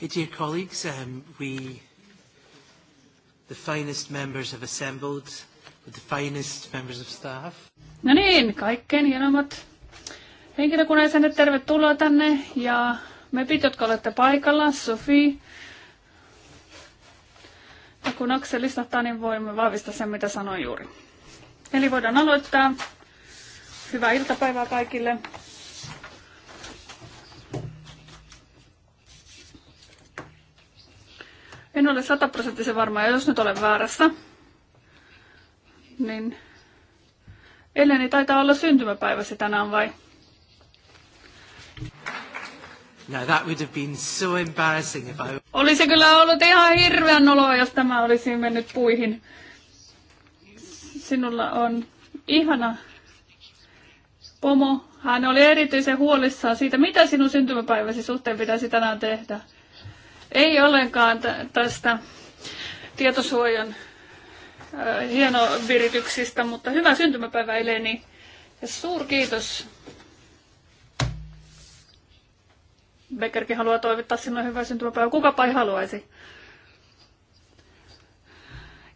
Okay, dear colleagues, um, we, the finest members have assembled with the finest members of staff. No niin, kaikkein hienommat henkilökunnan jäsenet, tervetuloa tänne. Ja pit, jotka olette paikalla, Sofi. Ja kun Aksel listahtaa, niin voimme vahvistaa sen, mitä sanoin juuri. Eli voidaan aloittaa. Hyvää iltapäivää kaikille. ole sataprosenttisen varma, ja jos nyt olen väärässä, niin Eleni taitaa olla syntymäpäiväsi tänään vai? Now that would have been so embarrassing if I... Olisi kyllä ollut ihan hirveän oloa, jos tämä olisi mennyt puihin. Sinulla on ihana pomo. Hän oli erityisen huolissaan siitä, mitä sinun syntymäpäiväsi suhteen pitäisi tänään tehdä ei ollenkaan tästä tietosuojan äh, hienovirityksistä, mutta hyvää syntymäpäivää Eleni ja suurkiitos. Beckerkin haluaa toivottaa sinulle hyvää syntymäpäivää. Kukapa ei haluaisi.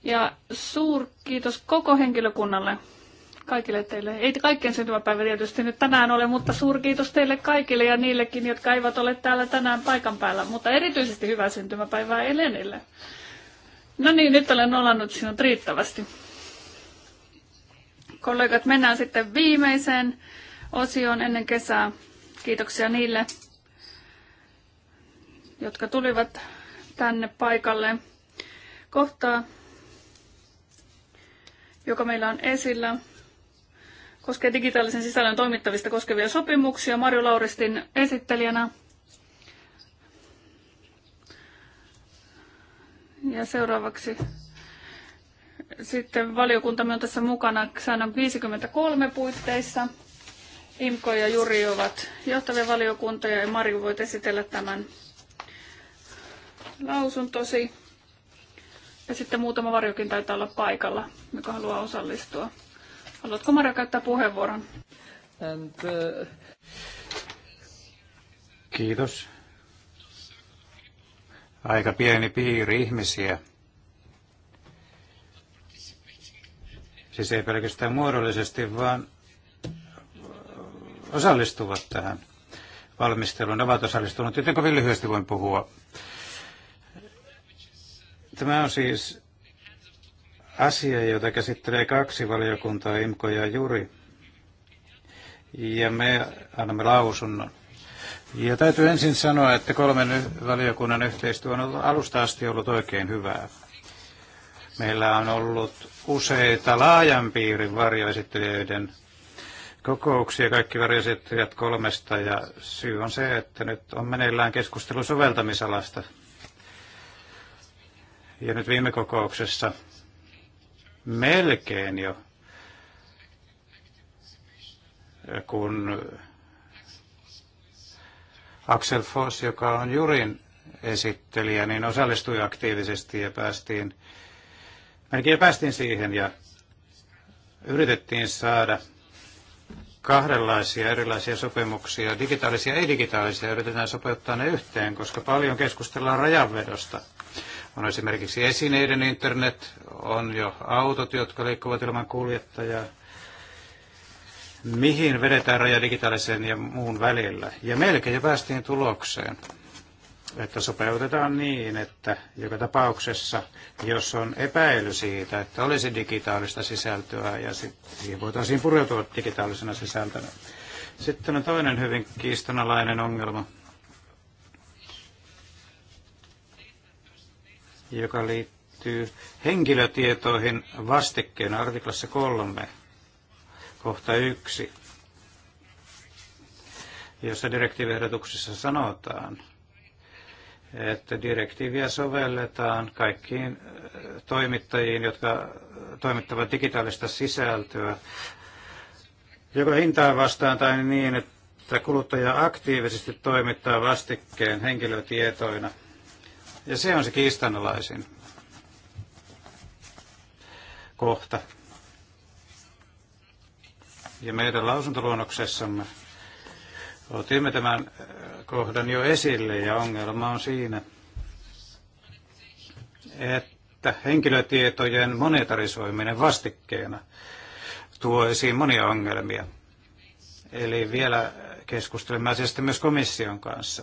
Ja kiitos koko henkilökunnalle kaikille teille. Ei kaikkien syntymäpäivä tietysti nyt tänään ole, mutta suurkiitos teille kaikille ja niillekin, jotka eivät ole täällä tänään paikan päällä. Mutta erityisesti hyvää syntymäpäivää Elenille. No niin, nyt olen nolannut sinut riittävästi. Kollegat, mennään sitten viimeiseen osioon ennen kesää. Kiitoksia niille, jotka tulivat tänne paikalle. Kohtaa, joka meillä on esillä, koskee digitaalisen sisällön toimittavista koskevia sopimuksia. Marjo Lauristin esittelijänä. Ja seuraavaksi sitten valiokuntamme on tässä mukana säännön 53 puitteissa. Imko ja Juri ovat johtavia valiokuntoja ja Marju voit esitellä tämän lausuntosi. Ja sitten muutama varjokin taitaa olla paikalla, joka haluaa osallistua. Haluatko Marja käyttää puheenvuoron? And, uh... Kiitos. Aika pieni piiri ihmisiä. Siis ei pelkästään muodollisesti, vaan osallistuvat tähän valmisteluun. Ne ovat osallistuneet, joten kovin lyhyesti voin puhua. Tämä on siis asia, jota käsittelee kaksi valiokuntaa, Imko ja Juri. Ja me annamme lausunnon. Ja täytyy ensin sanoa, että kolmen valiokunnan yhteistyö on alusta asti ollut oikein hyvää. Meillä on ollut useita laajan piirin varjoesittelijöiden kokouksia, kaikki varjoesittelijät kolmesta, ja syy on se, että nyt on meneillään keskustelu soveltamisalasta. Ja nyt viime kokouksessa melkein jo, kun Axel Foss, joka on Jurin esittelijä, niin osallistui aktiivisesti ja päästiin, melkein päästiin siihen ja yritettiin saada kahdenlaisia erilaisia sopimuksia, digitaalisia ja ei-digitaalisia, yritetään sopeuttaa ne yhteen, koska paljon keskustellaan rajanvedosta – on esimerkiksi esineiden internet, on jo autot, jotka liikkuvat ilman kuljettajaa. Mihin vedetään raja digitaalisen ja muun välillä? Ja melkein jo päästiin tulokseen, että sopeutetaan niin, että joka tapauksessa, jos on epäily siitä, että olisi digitaalista sisältöä ja siihen voitaisiin pureutua digitaalisena sisältönä. Sitten on toinen hyvin kiistanalainen ongelma, joka liittyy henkilötietoihin vastikkeen artiklassa 3, kohta 1, jossa direktiivehdotuksessa sanotaan, että direktiiviä sovelletaan kaikkiin äh, toimittajiin, jotka toimittavat digitaalista sisältöä, joko hintaa vastaan tai niin, että kuluttaja aktiivisesti toimittaa vastikkeen henkilötietoina – ja se on se kiistanalaisin kohta. Ja meidän lausuntoluonnoksessamme otimme tämän äh, kohdan jo esille ja ongelma on siinä, että henkilötietojen monetarisoiminen vastikkeena tuo esiin monia ongelmia. Eli vielä keskustelemme asiasta myös komission kanssa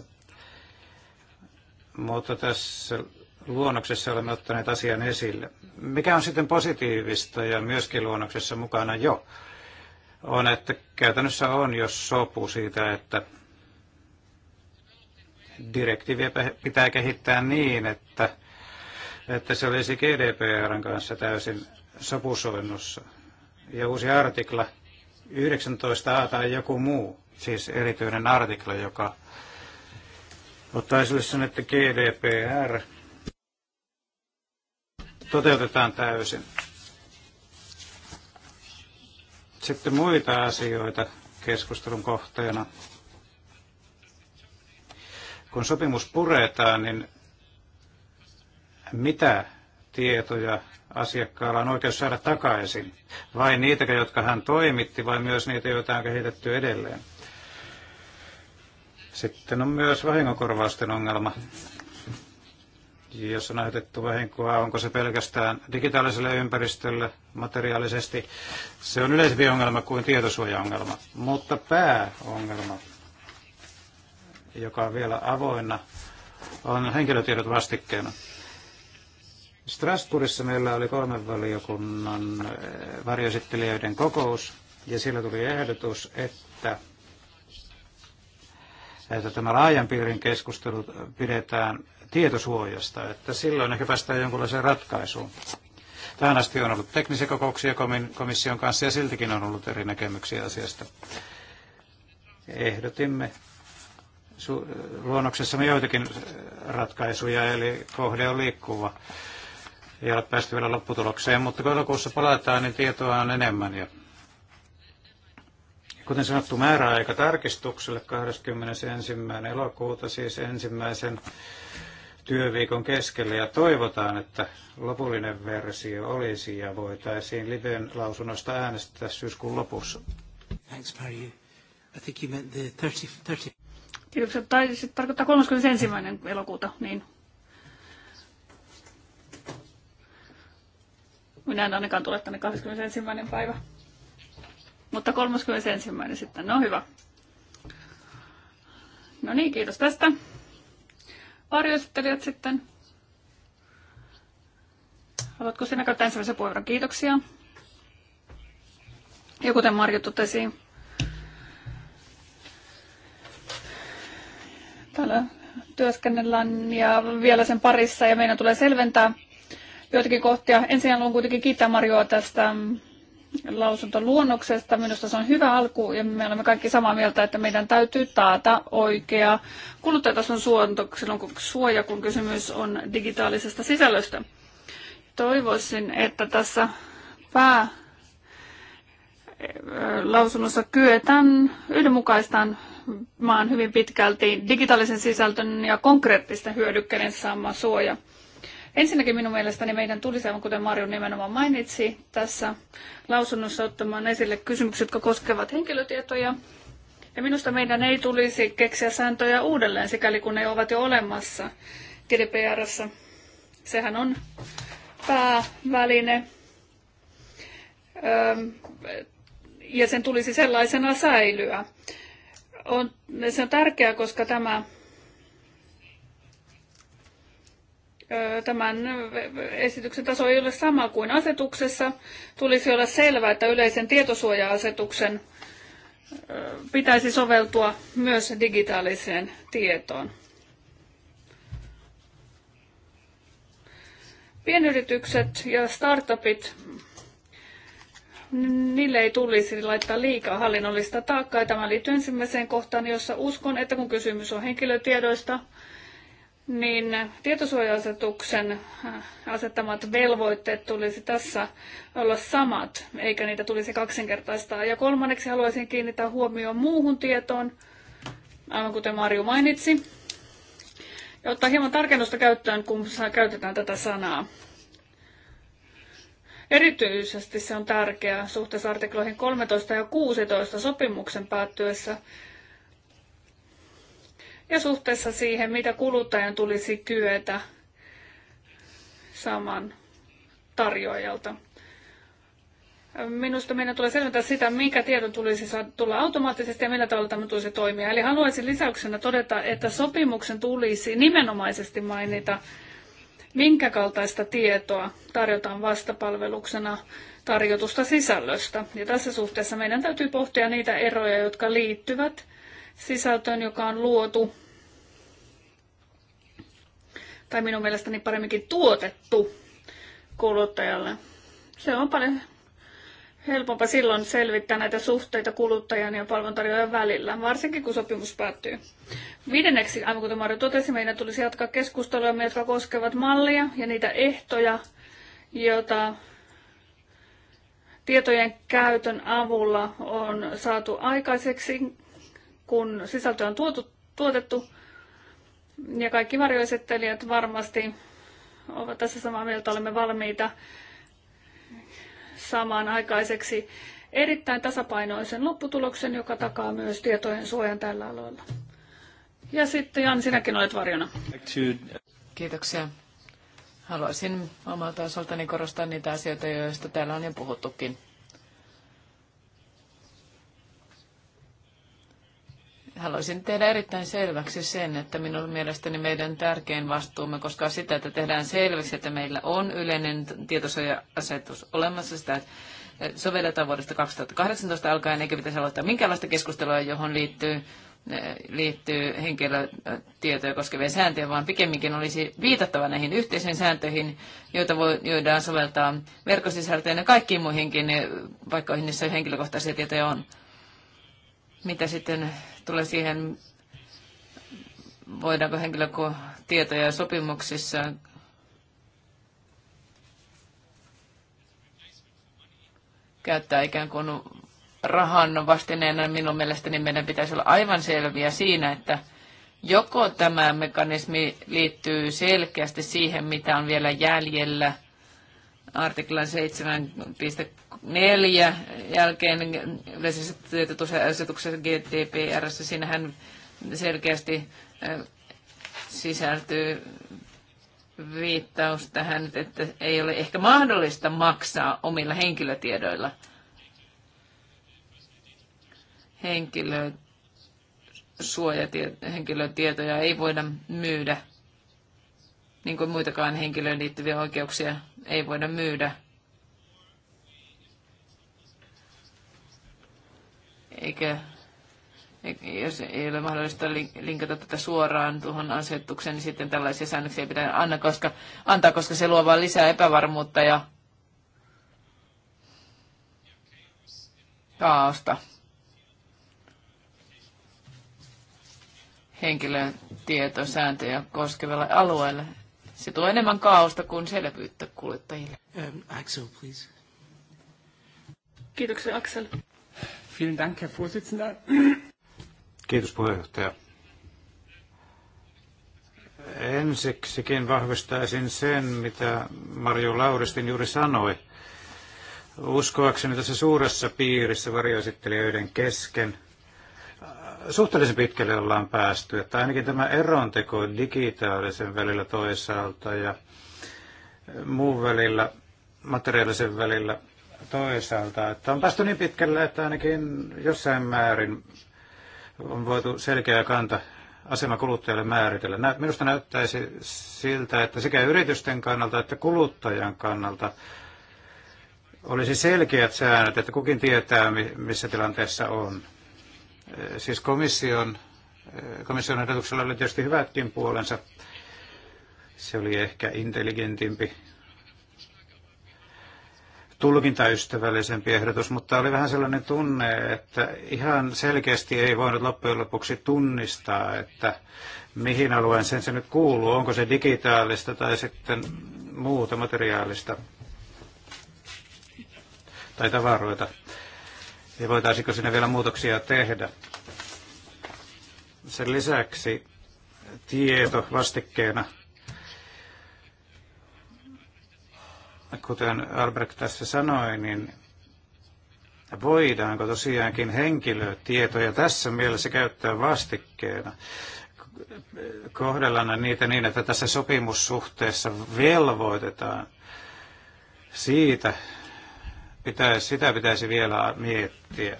mutta tässä luonnoksessa olemme ottaneet asian esille. Mikä on sitten positiivista ja myöskin luonnoksessa mukana jo, on, että käytännössä on jo sopu siitä, että direktiiviä pitää kehittää niin, että, että se olisi GDPRn kanssa täysin sopusoinnussa. Ja uusi artikla 19a tai joku muu, siis erityinen artikla, joka ottaa esille sen, että GDPR toteutetaan täysin. Sitten muita asioita keskustelun kohteena. Kun sopimus puretaan, niin mitä tietoja asiakkaalla on oikeus saada takaisin? Vai niitäkö, jotka hän toimitti, vai myös niitä, joita on kehitetty edelleen? Sitten on myös vahingokorvausten ongelma. Jos on aiheutettu vahinkoa, onko se pelkästään digitaaliselle ympäristölle materiaalisesti? Se on yleisempi ongelma kuin tietosuojaongelma. Mutta pääongelma, joka on vielä avoinna, on henkilötiedot vastikkeena. Strasbourgissa meillä oli kolmen valiokunnan eh, varjoesittelijöiden kokous, ja siellä tuli ehdotus, että että tämä laajan piirin keskustelu pidetään tietosuojasta, että silloin ehkä päästään jonkinlaiseen ratkaisuun. Tähän asti on ollut teknisiä kokouksia komission kanssa ja siltikin on ollut eri näkemyksiä asiasta. Ehdotimme luonnoksessamme joitakin ratkaisuja, eli kohde on liikkuva. Ei ole päästy vielä lopputulokseen, mutta kun elokuussa palataan, niin tietoa on enemmän ja Kuten sanottu, määräaika tarkistukselle 21. elokuuta, siis ensimmäisen työviikon keskellä ja toivotaan, että lopullinen versio olisi ja voitaisiin Liben lausunnosta äänestää syyskuun lopussa. Thanks, Mario. I think you meant the 30, 30. Kiitoksia. Tai sitten siis tarkoittaa 31. elokuuta, niin. Minä en ainakaan tule tänne 21. päivä. Mutta 31. sitten, no hyvä. No niin, kiitos tästä. Varjoesittelijät sitten. Haluatko sinä käyttää ensimmäisen puheenvuoron? Kiitoksia. Ja kuten Marjo totesi, täällä työskennellään ja vielä sen parissa ja meidän tulee selventää joitakin kohtia. Ensin haluan kuitenkin kiittää Marjoa tästä luonnoksesta Minusta se on hyvä alku ja me olemme kaikki samaa mieltä, että meidän täytyy taata oikea kuluttajatason suoja, kun kysymys on digitaalisesta sisällöstä. Toivoisin, että tässä pää lausunnossa kyetään yhdenmukaistaan maan hyvin pitkälti digitaalisen sisältön ja konkreettisten hyödykkeiden saama suoja. Ensinnäkin minun mielestäni meidän tulisi, aivan kuten Marju nimenomaan mainitsi, tässä lausunnossa ottamaan esille kysymykset, jotka koskevat henkilötietoja. Ja minusta meidän ei tulisi keksiä sääntöjä uudelleen, sikäli kun ne ovat jo olemassa GDPRssä. Sehän on pääväline. ja sen tulisi sellaisena säilyä. On, se on tärkeää, koska tämä tämän esityksen taso ei ole sama kuin asetuksessa. Tulisi olla selvää, että yleisen tietosuoja-asetuksen pitäisi soveltua myös digitaaliseen tietoon. Pienyritykset ja startupit, niille ei tulisi laittaa liikaa hallinnollista taakkaa. Tämä liittyy ensimmäiseen kohtaan, jossa uskon, että kun kysymys on henkilötiedoista, niin tietosuoja-asetuksen äh, asettamat velvoitteet tulisi tässä olla samat, eikä niitä tulisi kaksinkertaistaa. Ja kolmanneksi haluaisin kiinnittää huomioon muuhun tietoon, aivan kuten Marju mainitsi, ja ottaa hieman tarkennusta käyttöön, kun käytetään tätä sanaa. Erityisesti se on tärkeää suhteessa artikloihin 13 ja 16 sopimuksen päättyessä ja suhteessa siihen, mitä kuluttajan tulisi kyetä saman tarjoajalta. Minusta meidän tulee selventää sitä, mikä tieto tulisi tulla automaattisesti ja millä tavalla tämä tulisi toimia. Eli haluaisin lisäyksenä todeta, että sopimuksen tulisi nimenomaisesti mainita, minkä kaltaista tietoa tarjotaan vastapalveluksena tarjotusta sisällöstä. Ja tässä suhteessa meidän täytyy pohtia niitä eroja, jotka liittyvät sisältöön, joka on luotu tai minun mielestäni paremminkin tuotettu kuluttajalle. Se on paljon helpompaa silloin selvittää näitä suhteita kuluttajan ja palveluntarjoajan välillä, varsinkin kun sopimus päättyy. Viidenneksi, aivan kuten Marjo totesi, meidän tulisi jatkaa keskustelua, jotka koskevat mallia ja niitä ehtoja, joita tietojen käytön avulla on saatu aikaiseksi, kun sisältö on tuotu, tuotettu ja kaikki varjoesittelijät varmasti ovat tässä samaa mieltä, olemme valmiita saamaan aikaiseksi erittäin tasapainoisen lopputuloksen, joka takaa myös tietojen suojan tällä alueella. Ja sitten Jan, sinäkin olet varjona. Kiitoksia. Haluaisin omalta osaltani korostaa niitä asioita, joista täällä on jo puhuttukin. Haluaisin tehdä erittäin selväksi sen, että minun mielestäni meidän tärkein vastuumme koska sitä, että tehdään selväksi, että meillä on yleinen tietosuoja-asetus olemassa, sitä sovelletaan vuodesta 2018 alkaen, eikä pitäisi aloittaa minkäänlaista keskustelua, johon liittyy eh, liittyy henkilötietoja koskevien sääntöjä, vaan pikemminkin olisi viitattava näihin yhteisiin sääntöihin, joita voidaan soveltaa verkkosisältöön ja kaikkiin muihinkin eh, paikkoihin, joissa henkilökohtaisia tietoja on. Mitä sitten tulee siihen, voidaanko henkilötietoja sopimuksissa käyttää ikään kuin rahan vastineena, minun mielestäni meidän pitäisi olla aivan selviä siinä, että joko tämä mekanismi liittyy selkeästi siihen, mitä on vielä jäljellä artiklan 4 jälkeen yleisessä tietotusasetuksessa GDPR, siinähän selkeästi äh, sisältyy viittaus tähän, että ei ole ehkä mahdollista maksaa omilla henkilötiedoilla henkilö, henkilötietoja ei voida myydä, niin kuin muitakaan henkilöön liittyviä oikeuksia ei voida myydä. eikä jos ei ole mahdollista linkata tätä suoraan tuohon asetukseen, niin sitten tällaisia säännöksiä ei pidä anna, koska, antaa, koska se luo vain lisää epävarmuutta ja kaaosta henkilötietosääntöjä koskevalle alueelle. Se tuo enemmän kaaosta kuin selvyyttä kuljettajille. Um, Axel, please. Kiitoksia, Axel. Vielen Dank, Herr Vorsitzender. Kiitos puheenjohtaja. Ensiksikin vahvistaisin sen, mitä Marjo Lauristin juuri sanoi. Uskoakseni tässä suuressa piirissä varjoesittelijöiden kesken suhteellisen pitkälle ollaan päästy, että ainakin tämä eronteko digitaalisen välillä toisaalta ja muun välillä, materiaalisen välillä toisaalta, että on päästy niin pitkälle, että ainakin jossain määrin on voitu selkeä kanta asema kuluttajalle määritellä. Minusta näyttäisi siltä, että sekä yritysten kannalta että kuluttajan kannalta olisi selkeät säännöt, että kukin tietää, missä tilanteessa on. Eh, siis komission, eh, komission ehdotuksella oli tietysti hyvätkin puolensa. Se oli ehkä intelligentimpi tulkintaystävällisempi ehdotus, mutta oli vähän sellainen tunne, että ihan selkeästi ei voinut loppujen lopuksi tunnistaa, että mihin alueen sen se nyt kuuluu, onko se digitaalista tai sitten muuta materiaalista tai tavaroita. Ja voitaisiko sinne vielä muutoksia tehdä. Sen lisäksi tieto vastikkeena kuten Albrecht tässä sanoi, niin voidaanko tosiaankin henkilötietoja tässä mielessä käyttää vastikkeena? Kohdellaan niitä niin, että tässä sopimussuhteessa velvoitetaan siitä, pitäisi, sitä pitäisi vielä miettiä.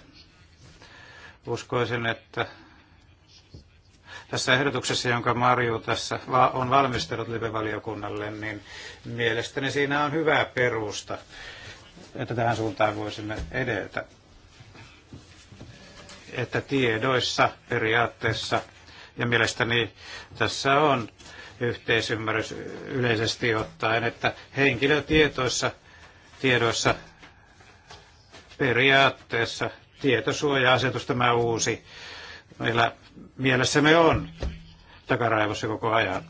Uskoisin, että tässä ehdotuksessa, jonka Marju tässä on valmistellut live-valiokunnalle, niin mielestäni siinä on hyvää perusta, että tähän suuntaan voisimme edetä. Että tiedoissa periaatteessa, ja mielestäni tässä on yhteisymmärrys yleisesti ottaen, että henkilötietoissa tiedoissa periaatteessa tietosuoja-asetus, tämä uusi meillä mielessämme on takaraivossa koko ajan.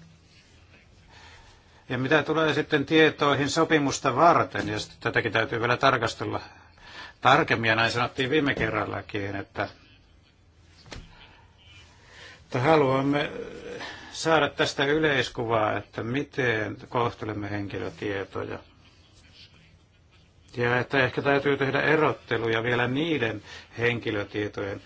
Ja mitä tulee sitten tietoihin sopimusta varten, ja tätäkin täytyy vielä tarkastella tarkemmin, ja näin sanottiin viime kerrallakin, että, että haluamme saada tästä yleiskuvaa, että miten kohtelemme henkilötietoja. Ja että ehkä täytyy tehdä erotteluja vielä niiden henkilötietojen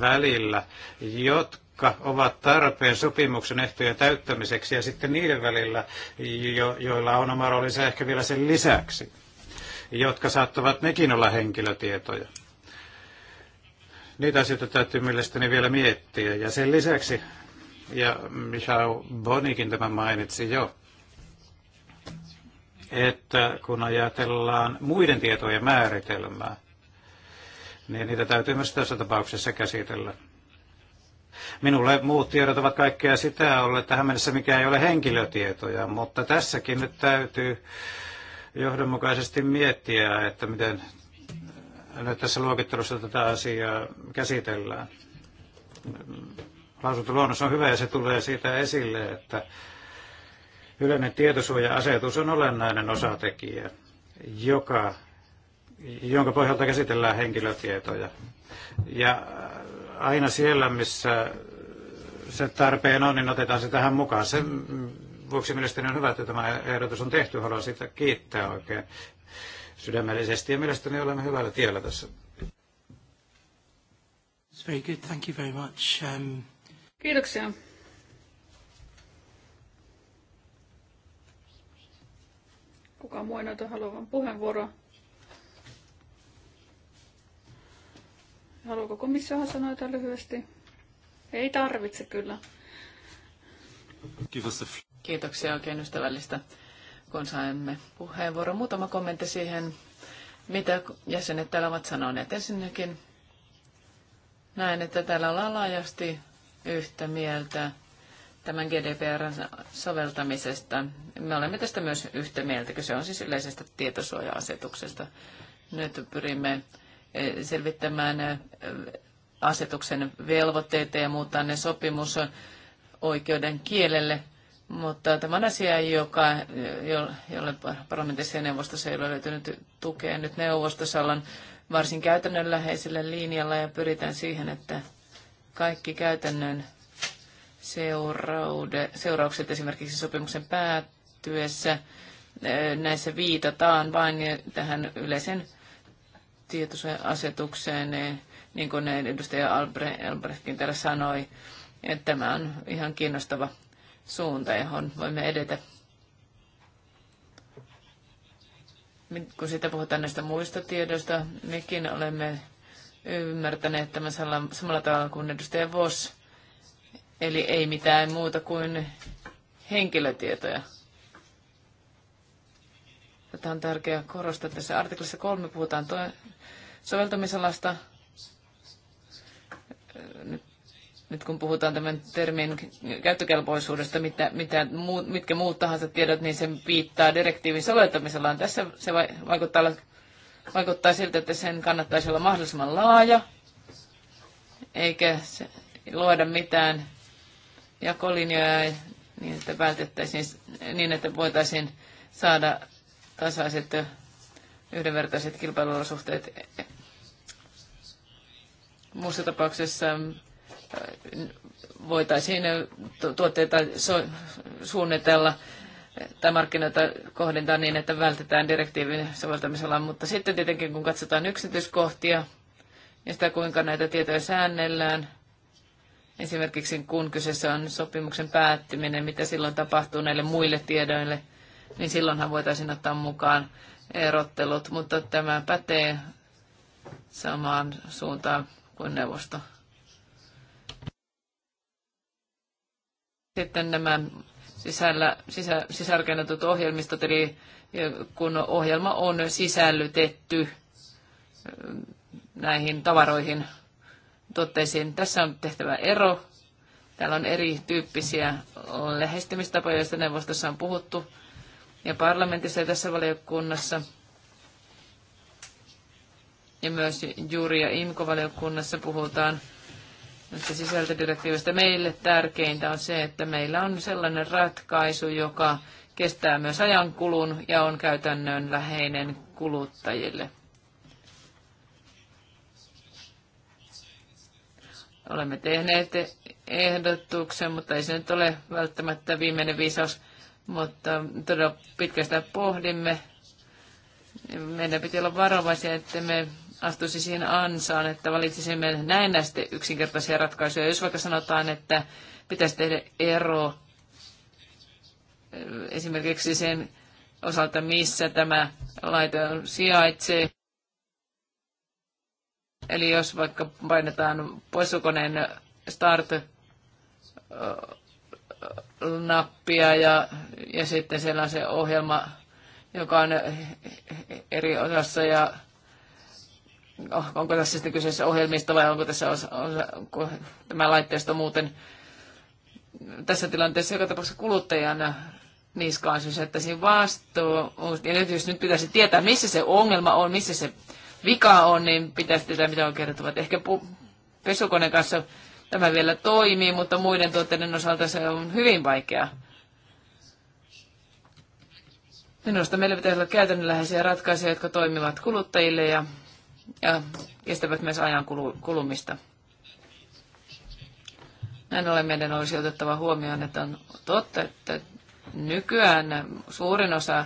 välillä, jotka ovat tarpeen sopimuksen ehtojen täyttämiseksi ja sitten niiden välillä, jo, joilla on oma roolinsa ehkä vielä sen lisäksi, jotka saattavat nekin olla henkilötietoja. Niitä asioita täytyy mielestäni vielä miettiä. Ja sen lisäksi, ja Michal Bonikin tämä mainitsi jo, että kun ajatellaan muiden tietojen määritelmää, niin niitä täytyy myös tässä tapauksessa käsitellä. Minulle muut tiedot ovat kaikkea sitä olleet tähän mennessä, mikä ei ole henkilötietoja, mutta tässäkin nyt täytyy johdonmukaisesti miettiä, että miten nyt tässä luokittelussa tätä asiaa käsitellään. Lausuntoluonnos on hyvä ja se tulee siitä esille, että yleinen tietosuoja-asetus on olennainen osatekijä, joka jonka pohjalta käsitellään henkilötietoja. Ja äh, aina siellä, missä se tarpeen on, niin otetaan se tähän mukaan. Sen vuoksi mielestäni on hyvä, että tämä ehdotus on tehty. Haluan siitä kiittää oikein sydämellisesti ja mielestäni olemme hyvällä tiellä tässä. It's very good. Thank you very much. Um... Kiitoksia. Kuka muu ei näytä haluavan puheenvuoroa? Haluaako komissiohan sanoa jotain lyhyesti? Ei tarvitse kyllä. Kiitoksia oikein ystävällistä, kun saimme puheenvuoron. Muutama kommentti siihen, mitä jäsenet täällä ovat sanoneet. Ensinnäkin näen, että täällä ollaan laajasti yhtä mieltä tämän gdpr soveltamisesta. Me olemme tästä myös yhtä mieltä, se on siis yleisestä tietosuoja-asetuksesta. Nyt pyrimme selvittämään äh, asetuksen velvoitteita ja muuttaa ne sopimus oikeuden kielelle. Mutta tämä on asia, joka, jolle parlamentissa ja neuvostossa ei ole löytynyt tukea. Nyt neuvostossa ollaan varsin käytännönläheisellä linjalla ja pyritään siihen, että kaikki käytännön seuraude, seuraukset esimerkiksi sopimuksen päättyessä äh, näissä viitataan vain tähän yleisen tietosuoja-asetukseen, niin, niin kuin edustaja Albrechtkin täällä sanoi, että tämä on ihan kiinnostava suunta, johon voimme edetä. Kun sitä puhutaan näistä muista tiedoista, mekin olemme ymmärtäneet tämän samalla tavalla kuin edustaja Voss. Eli ei mitään muuta kuin henkilötietoja. Tätä on tärkeää korostaa. Tässä artiklassa kolme puhutaan to- soveltamisalasta. Nyt, nyt kun puhutaan tämän termin käyttökelpoisuudesta, mitä, mitä mitkä muut tahansa tiedot, niin se viittaa direktiivin soveltamisalaan. Tässä se vaikuttaa, vaikuttaa siltä, että sen kannattaisi olla mahdollisimman laaja, eikä se, luoda mitään jakolinjoja niin, että vältettäisiin, niin että voitaisiin saada tasaiset yhdenvertaiset kilpailuolosuhteet. Muussa tapauksessa äh, voitaisiin äh, tuotteita suunnitella tai markkinoita kohdentaa niin, että vältetään direktiivin soveltamisella. mutta sitten tietenkin kun katsotaan yksityiskohtia ja sitä, kuinka näitä tietoja säännellään, esimerkiksi kun kyseessä on sopimuksen päättyminen, mitä silloin tapahtuu näille muille tiedoille – niin silloinhan voitaisiin ottaa mukaan erottelut, mutta tämä pätee samaan suuntaan kuin neuvosto. Sitten nämä sisällä, sisä, sisälkennetut ohjelmistot, eli kun ohjelma on sisällytetty näihin tavaroihin, tuotteisiin. Tässä on tehtävä ero. Täällä on erityyppisiä lähestymistapoja, joista neuvostossa on puhuttu ja parlamentissa ja tässä valiokunnassa ja myös juuri ja IMKO-valiokunnassa puhutaan näistä sisältödirektiivistä. Meille tärkeintä on se, että meillä on sellainen ratkaisu, joka kestää myös ajankulun ja on käytännön läheinen kuluttajille. Olemme tehneet ehdotuksen, mutta ei se nyt ole välttämättä viimeinen viisaus mutta todella pitkästä pohdimme. Meidän piti olla varovaisia, että me astuisi siihen ansaan, että valitsisimme näin näistä yksinkertaisia ratkaisuja. Jos vaikka sanotaan, että pitäisi tehdä ero esimerkiksi sen osalta, missä tämä laite sijaitsee. Eli jos vaikka painetaan poissukoneen start nappia ja, ja sitten siellä on se ohjelma, joka on eri osassa ja oh, onko tässä sitten kyseessä ohjelmista vai onko tässä osa, osa, onko tämä laitteisto muuten tässä tilanteessa joka tapauksessa kuluttajana niskaan sysättäisiin siis, vastuu. Ja nyt jos nyt pitäisi tietää, missä se ongelma on, missä se vika on, niin pitäisi tietää, mitä on kertovat. Ehkä pu- pesukoneen kanssa Tämä vielä toimii, mutta muiden tuotteiden osalta se on hyvin vaikeaa. Minusta meillä pitäisi olla käytännönläheisiä ratkaisuja, jotka toimivat kuluttajille ja, ja kestävät myös ajan kulumista. Näin ollen meidän olisi otettava huomioon, että on totta, että nykyään suurin osa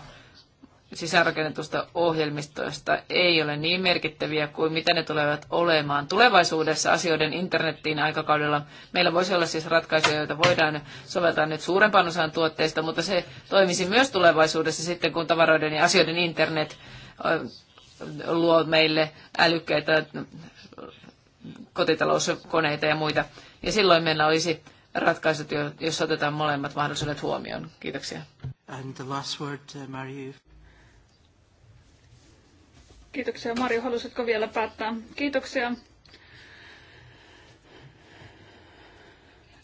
sisäänrakennetusta ohjelmistoista ei ole niin merkittäviä kuin mitä ne tulevat olemaan. Tulevaisuudessa asioiden internettiin aikakaudella meillä voisi olla siis ratkaisuja, joita voidaan soveltaa nyt suurempaan osaan tuotteista, mutta se toimisi myös tulevaisuudessa sitten, kun tavaroiden ja asioiden internet luo meille älykkäitä kotitalouskoneita ja muita. Ja silloin meillä olisi ratkaisut, jos otetaan molemmat mahdollisuudet huomioon. Kiitoksia. And the last word, uh, Kiitoksia. Mari, halusitko vielä päättää? Kiitoksia.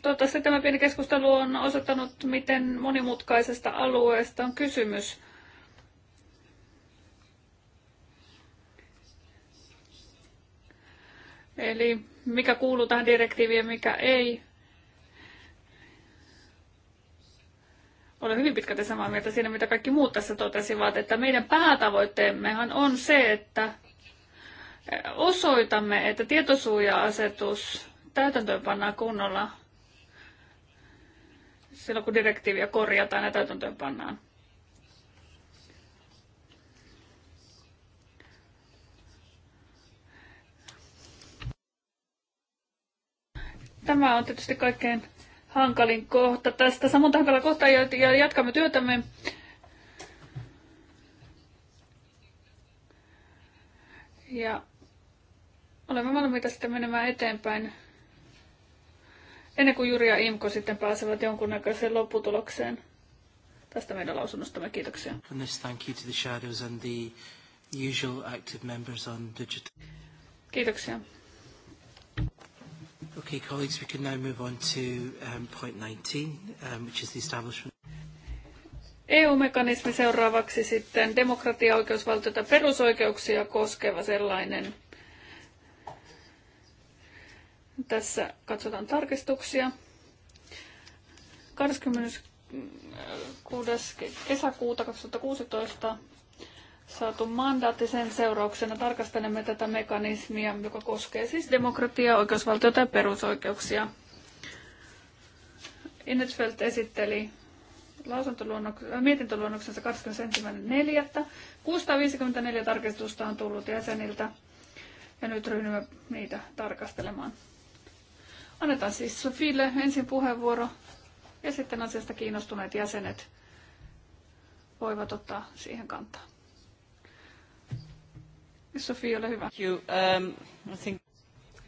Toivottavasti tämä pieni keskustelu on osoittanut, miten monimutkaisesta alueesta on kysymys. Eli mikä kuuluu tähän direktiiviin ja mikä ei. Olen hyvin pitkälti samaa mieltä siinä, mitä kaikki muut tässä totesivat, että meidän päätavoitteemmehan on se, että eh, osoitamme, että tietosuoja-asetus pannaan kunnolla silloin, kun direktiiviä korjataan ja pannaan. Tämä on tietysti kaikkein hankalin kohta tästä. Samoin hankala kohta ja jatkamme työtämme. Ja olemme valmiita sitten menemään eteenpäin ennen kuin Juri ja Imko sitten pääsevät jonkunnäköiseen lopputulokseen tästä meidän lausunnostamme. Kiitoksia. Kiitoksia. Okay, colleagues, we can now move on to um, point 19, um, which is the establishment. EU-mekanismi seuraavaksi sitten demokratia, oikeusvaltio ja perusoikeuksia koskeva sellainen. Tässä katsotaan tarkistuksia. 26. Äh, kesäkuuta 2016 saatu mandaatti sen seurauksena tarkastelemme tätä mekanismia, joka koskee siis demokratiaa, oikeusvaltiota ja perusoikeuksia. Innetfeldt esitteli äh, mietintöluonnoksensa 21.4. 654 tarkistusta on tullut jäseniltä ja nyt ryhdymme niitä tarkastelemaan. Annetaan siis Sofille ensin puheenvuoro ja sitten asiasta kiinnostuneet jäsenet voivat ottaa siihen kantaa. Sofia, ole hyvä. You, um, I think...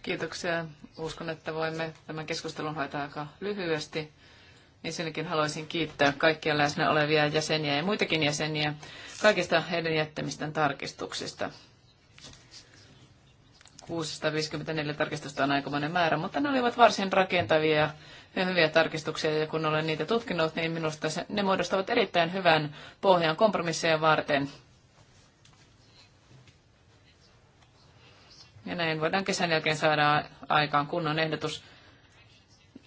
Kiitoksia. Uskon, että voimme tämän keskustelun hoitaa aika lyhyesti. Ensinnäkin haluaisin kiittää kaikkia läsnä olevia jäseniä ja muitakin jäseniä kaikista heidän jättämistään tarkistuksista. 654 tarkistusta on aikamoinen määrä, mutta ne olivat varsin rakentavia ja hyviä tarkistuksia, ja kun olen niitä tutkinut, niin minusta ne muodostavat erittäin hyvän pohjan kompromisseja varten. Ja näin voidaan kesän jälkeen saada aikaan kunnon ehdotus.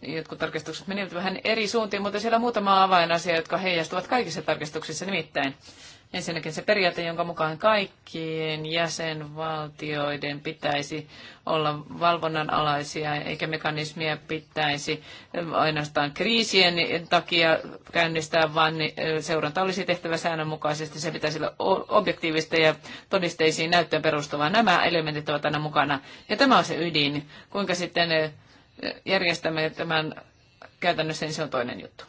Jotkut tarkistukset menivät vähän eri suuntiin, mutta siellä on muutama avainasia, jotka heijastuvat kaikissa tarkistuksissa nimittäin. Ensinnäkin se periaate, jonka mukaan kaikkien jäsenvaltioiden pitäisi olla valvonnan alaisia, eikä mekanismia pitäisi ainoastaan kriisien takia käynnistää, vaan seuranta olisi tehtävä säännönmukaisesti. Se pitäisi olla objektiivista ja todisteisiin näyttöön perustuvaa. Nämä elementit ovat aina mukana. Ja tämä on se ydin. Kuinka sitten järjestämme tämän käytännössä, niin se on toinen juttu.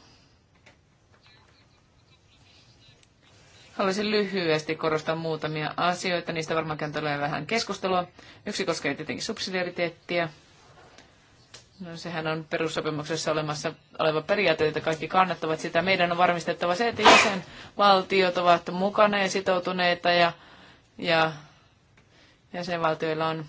Haluaisin lyhyesti korostaa muutamia asioita. Niistä varmaankin tulee vähän keskustelua. Yksi koskee tietenkin subsidiariteettia. No sehän on perussopimuksessa olemassa oleva periaate, että kaikki kannattavat sitä. Meidän on varmistettava se, että jäsenvaltiot ovat mukana ja sitoutuneita ja, ja jäsenvaltioilla on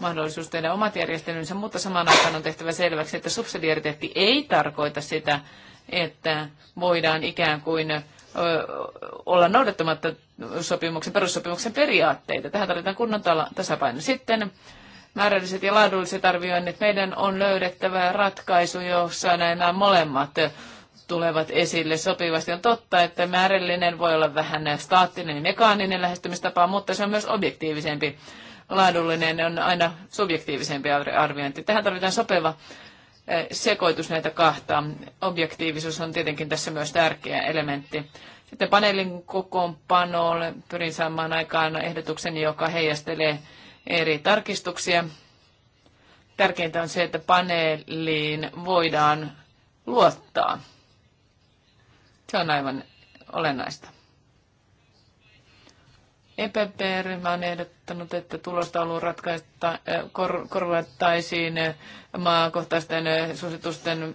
mahdollisuus tehdä omat järjestelynsä, mutta samaan aikaan on tehtävä selväksi, että subsidiariteetti ei tarkoita sitä, että voidaan ikään kuin olla noudattamatta sopimuksen, perussopimuksen periaatteita. Tähän tarvitaan kunnon tasapaino. Sitten määrälliset ja laadulliset arvioinnit. Meidän on löydettävä ratkaisu, jossa nämä molemmat tulevat esille sopivasti. On totta, että määrällinen voi olla vähän staattinen ja mekaaninen lähestymistapa, mutta se on myös objektiivisempi. Laadullinen on aina subjektiivisempi arviointi. Tähän tarvitaan sopiva sekoitus näitä kahta. Objektiivisuus on tietenkin tässä myös tärkeä elementti. Sitten paneelin kokoonpanolle pyrin saamaan aikaan ehdotuksen, joka heijastelee eri tarkistuksia. Tärkeintä on se, että paneeliin voidaan luottaa. Se on aivan olennaista. EPP-ryhmä on ehdottanut, että tulostaulu ratkaista, kor, korvattaisiin maakohtaisten suositusten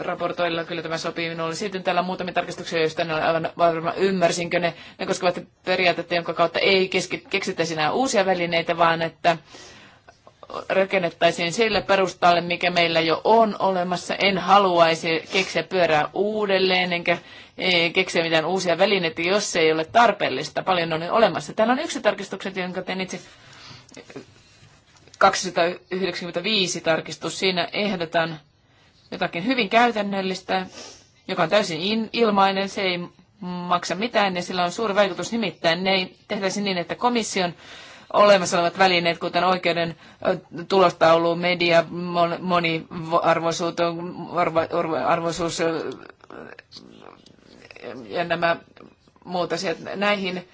raportoilla kyllä tämä sopii minulle. Sitten täällä on muutamia tarkistuksia, joista en ole aivan varma ymmärsinkö ne. Ne koskevat periaatetta, jonka kautta ei keksitä sinä uusia välineitä, vaan että rakennettaisiin sille perustalle, mikä meillä jo on olemassa. En haluaisi keksiä pyörää uudelleen, enkä e, keksiä mitään uusia välineitä, jos se ei ole tarpeellista. Paljon on olemassa. Täällä on yksi tarkistukset, jonka teen itse 295 tarkistus. Siinä ehdotan jotakin hyvin käytännöllistä, joka on täysin ilmainen, se ei maksa mitään ja sillä on suuri vaikutus. Nimittäin ne ei tehtäisi niin, että komission olemassa olevat välineet, kuten oikeuden tulostaulu, media, moniarvoisuus, arvo, arvoisuus ja nämä muut asiat. Näihin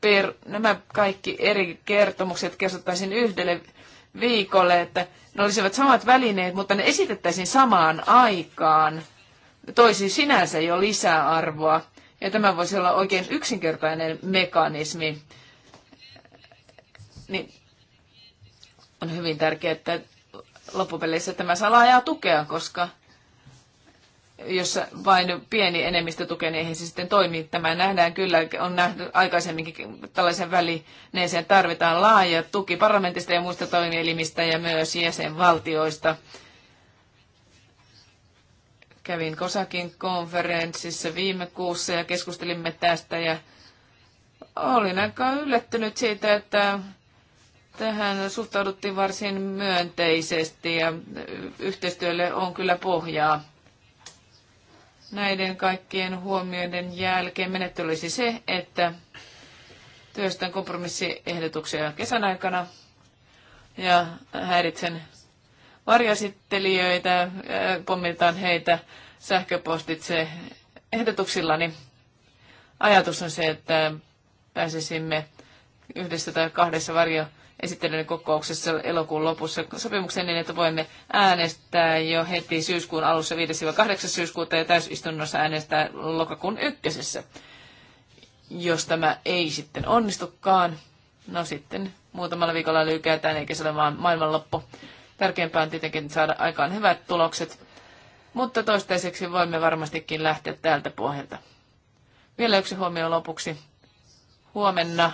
per, nämä kaikki eri kertomukset kesottaisin yhdelle viikolle, että ne olisivat samat välineet, mutta ne esitettäisiin samaan aikaan. Toisi sinänsä jo lisäarvoa. Ja tämä voisi olla oikein yksinkertainen mekanismi niin on hyvin tärkeää, että loppupeleissä tämä sala ajaa tukea, koska jos vain pieni enemmistö tukee, niin eihän se sitten toimi. Tämä nähdään kyllä, on nähty aikaisemminkin tällaisen välineeseen tarvitaan laaja tuki parlamentista ja muista toimielimistä ja myös jäsenvaltioista. Kävin Kosakin konferenssissa viime kuussa ja keskustelimme tästä ja olin aika yllättynyt siitä, että Tähän suhtauduttiin varsin myönteisesti ja yhteistyölle on kyllä pohjaa. Näiden kaikkien huomioiden jälkeen menettely olisi se, että työstän kompromissiehdotuksia kesän aikana ja häiritsen varjasittelijöitä, pommitaan heitä sähköpostitse ehdotuksillani. Ajatus on se, että pääsisimme yhdessä tai kahdessa varjoa esittelyn kokouksessa elokuun lopussa sopimuksen niin, että voimme äänestää jo heti syyskuun alussa 5-8 syyskuuta ja täysistunnossa äänestää lokakuun ykkösessä. Jos tämä ei sitten onnistukaan, no sitten muutamalla viikolla lykätään, eikä se ole vaan maailmanloppu. Tärkeämpää on tietenkin saada aikaan hyvät tulokset, mutta toistaiseksi voimme varmastikin lähteä tältä pohjalta. Vielä yksi huomio lopuksi. Huomenna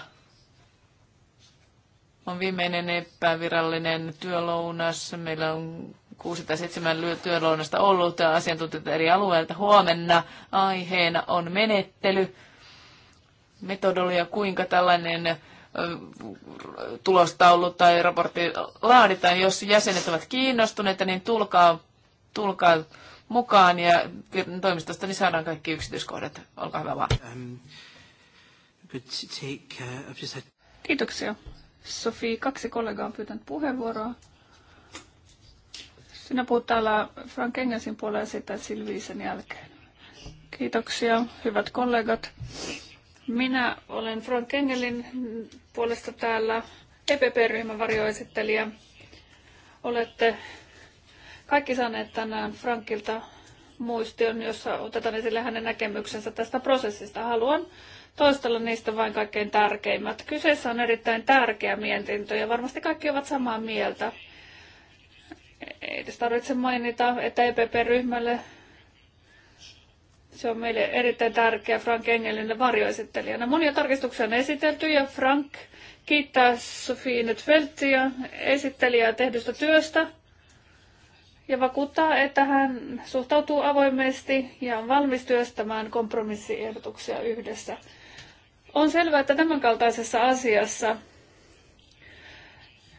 on viimeinen epävirallinen työlounas. Meillä on kuusi tai seitsemän työlounasta ollut ja asiantuntijat eri alueilta. Huomenna aiheena on menettely, metodologia, kuinka tällainen tulostaulu tai raportti laaditaan. Jos jäsenet ovat kiinnostuneita, niin tulkaa, tulkaa mukaan ja toimistosta niin saadaan kaikki yksityiskohdat. Olkaa hyvä vaan. Um, uh, Kiitoksia. Sofi, kaksi kollegaa on pyytänyt puheenvuoroa. Sinä puhut täällä Frank Engelsin puolella ja sitten Silviisen jälkeen. Kiitoksia, hyvät kollegat. Minä olen Frank Engelin puolesta täällä EPP-ryhmän varjoesittelijä. Olette kaikki saaneet tänään Frankilta muistion, jossa otetaan esille hänen näkemyksensä tästä prosessista. Haluan toistella niistä vain kaikkein tärkeimmät. Kyseessä on erittäin tärkeä mietintö ja varmasti kaikki ovat samaa mieltä. Ei tässä tarvitse mainita, että EPP-ryhmälle se on meille erittäin tärkeä Frank Engelinen varjoesittelijänä. Monia tarkistuksia on esitelty ja Frank kiittää Sofie Netfeltia esittelijää tehdystä työstä ja vakuuttaa, että hän suhtautuu avoimesti ja on valmis työstämään kompromissiehdotuksia yhdessä. On selvää, että tämänkaltaisessa asiassa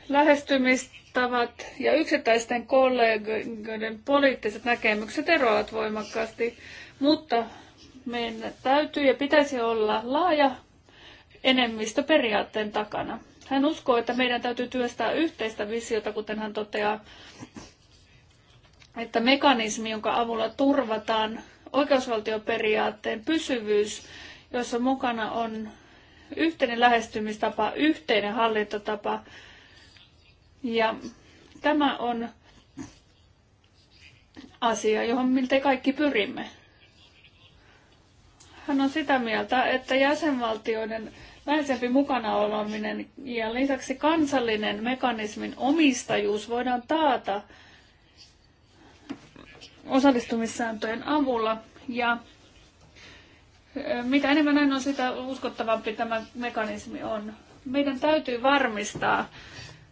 lähestymistavat ja yksittäisten kollegoiden poliittiset näkemykset eroavat voimakkaasti, mutta meidän täytyy ja pitäisi olla laaja enemmistö periaatteen takana. Hän uskoo, että meidän täytyy työstää yhteistä visiota, kuten hän toteaa, että mekanismi, jonka avulla turvataan oikeusvaltioperiaatteen pysyvyys joissa mukana on yhteinen lähestymistapa, yhteinen hallintotapa. Ja tämä on asia, johon miltei kaikki pyrimme. Hän on sitä mieltä, että jäsenvaltioiden läheisempi mukana oleminen ja lisäksi kansallinen mekanismin omistajuus voidaan taata osallistumissääntöjen avulla ja mitä enemmän näin on, sitä uskottavampi tämä mekanismi on. Meidän täytyy varmistaa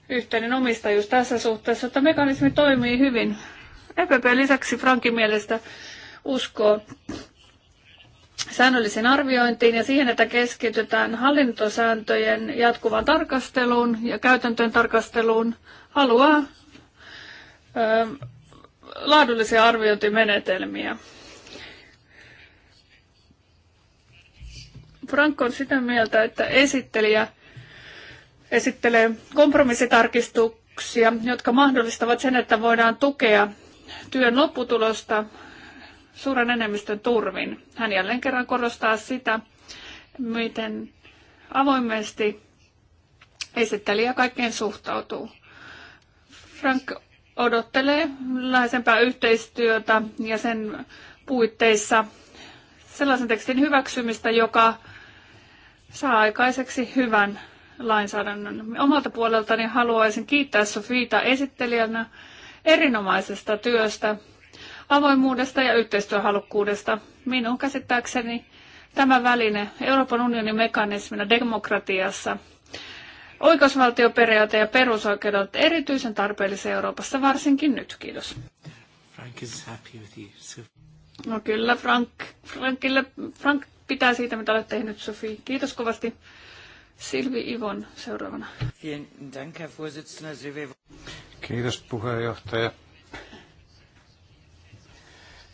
yhteinen omistajuus tässä suhteessa, että mekanismi toimii hyvin. EPP lisäksi Frankin mielestä uskoo säännölliseen arviointiin ja siihen, että keskitytään hallintosääntöjen jatkuvaan tarkasteluun ja käytäntöjen tarkasteluun, haluaa ö, laadullisia arviointimenetelmiä. Franco on sitä mieltä, että esittelijä esittelee kompromissitarkistuksia, jotka mahdollistavat sen, että voidaan tukea työn lopputulosta suuren enemmistön turvin. Hän jälleen kerran korostaa sitä, miten avoimesti esittelijä kaikkeen suhtautuu. Frank odottelee läheisempää yhteistyötä ja sen puitteissa sellaisen tekstin hyväksymistä, joka saa aikaiseksi hyvän lainsäädännön. Omalta puoleltani haluaisin kiittää Sofiita esittelijänä erinomaisesta työstä, avoimuudesta ja yhteistyöhalukkuudesta. Minun käsittääkseni tämä väline Euroopan unionin mekanismina demokratiassa oikeusvaltioperiaate ja perusoikeudet ovat erityisen tarpeellisia Euroopassa, varsinkin nyt. Kiitos. Frank is happy with you. So... No kyllä, Frank, Frankille, Frank pitää siitä, mitä olet tehnyt, Sofi. Kiitos kovasti. Silvi Ivon seuraavana. Kiitos puheenjohtaja.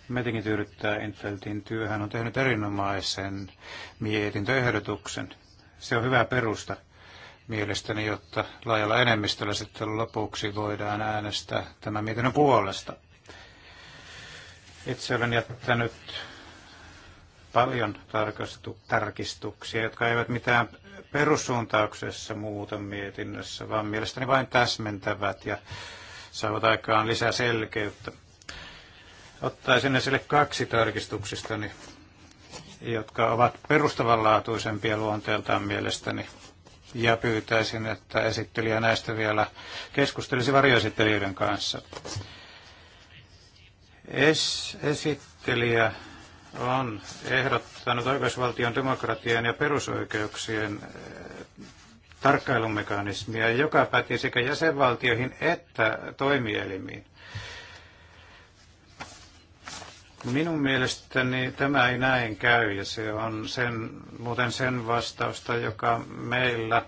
Metinkin tyydyttää Infeltin Hän on tehnyt erinomaisen mietintöehdotuksen. Se on hyvä perusta mielestäni, jotta laajalla enemmistöllä sitten lopuksi voidaan äänestää tämän mietinnön puolesta. Itse olen jättänyt paljon tarkistuksia, jotka eivät mitään perussuuntauksessa muuta mietinnössä, vaan mielestäni vain täsmentävät ja saavat aikaan lisää selkeyttä. Ottaisin esille kaksi tarkistuksistani, jotka ovat perustavanlaatuisempia luonteeltaan mielestäni. Ja pyytäisin, että esittelijä näistä vielä keskustelisi varjoesittelijöiden kanssa. Es- esittelijä on ehdottanut oikeusvaltion demokratian ja perusoikeuksien eh, tarkkailumekanismia, joka päti sekä jäsenvaltioihin että toimielimiin. Minun mielestäni tämä ei näin käy ja se on sen, muuten sen vastausta, joka meillä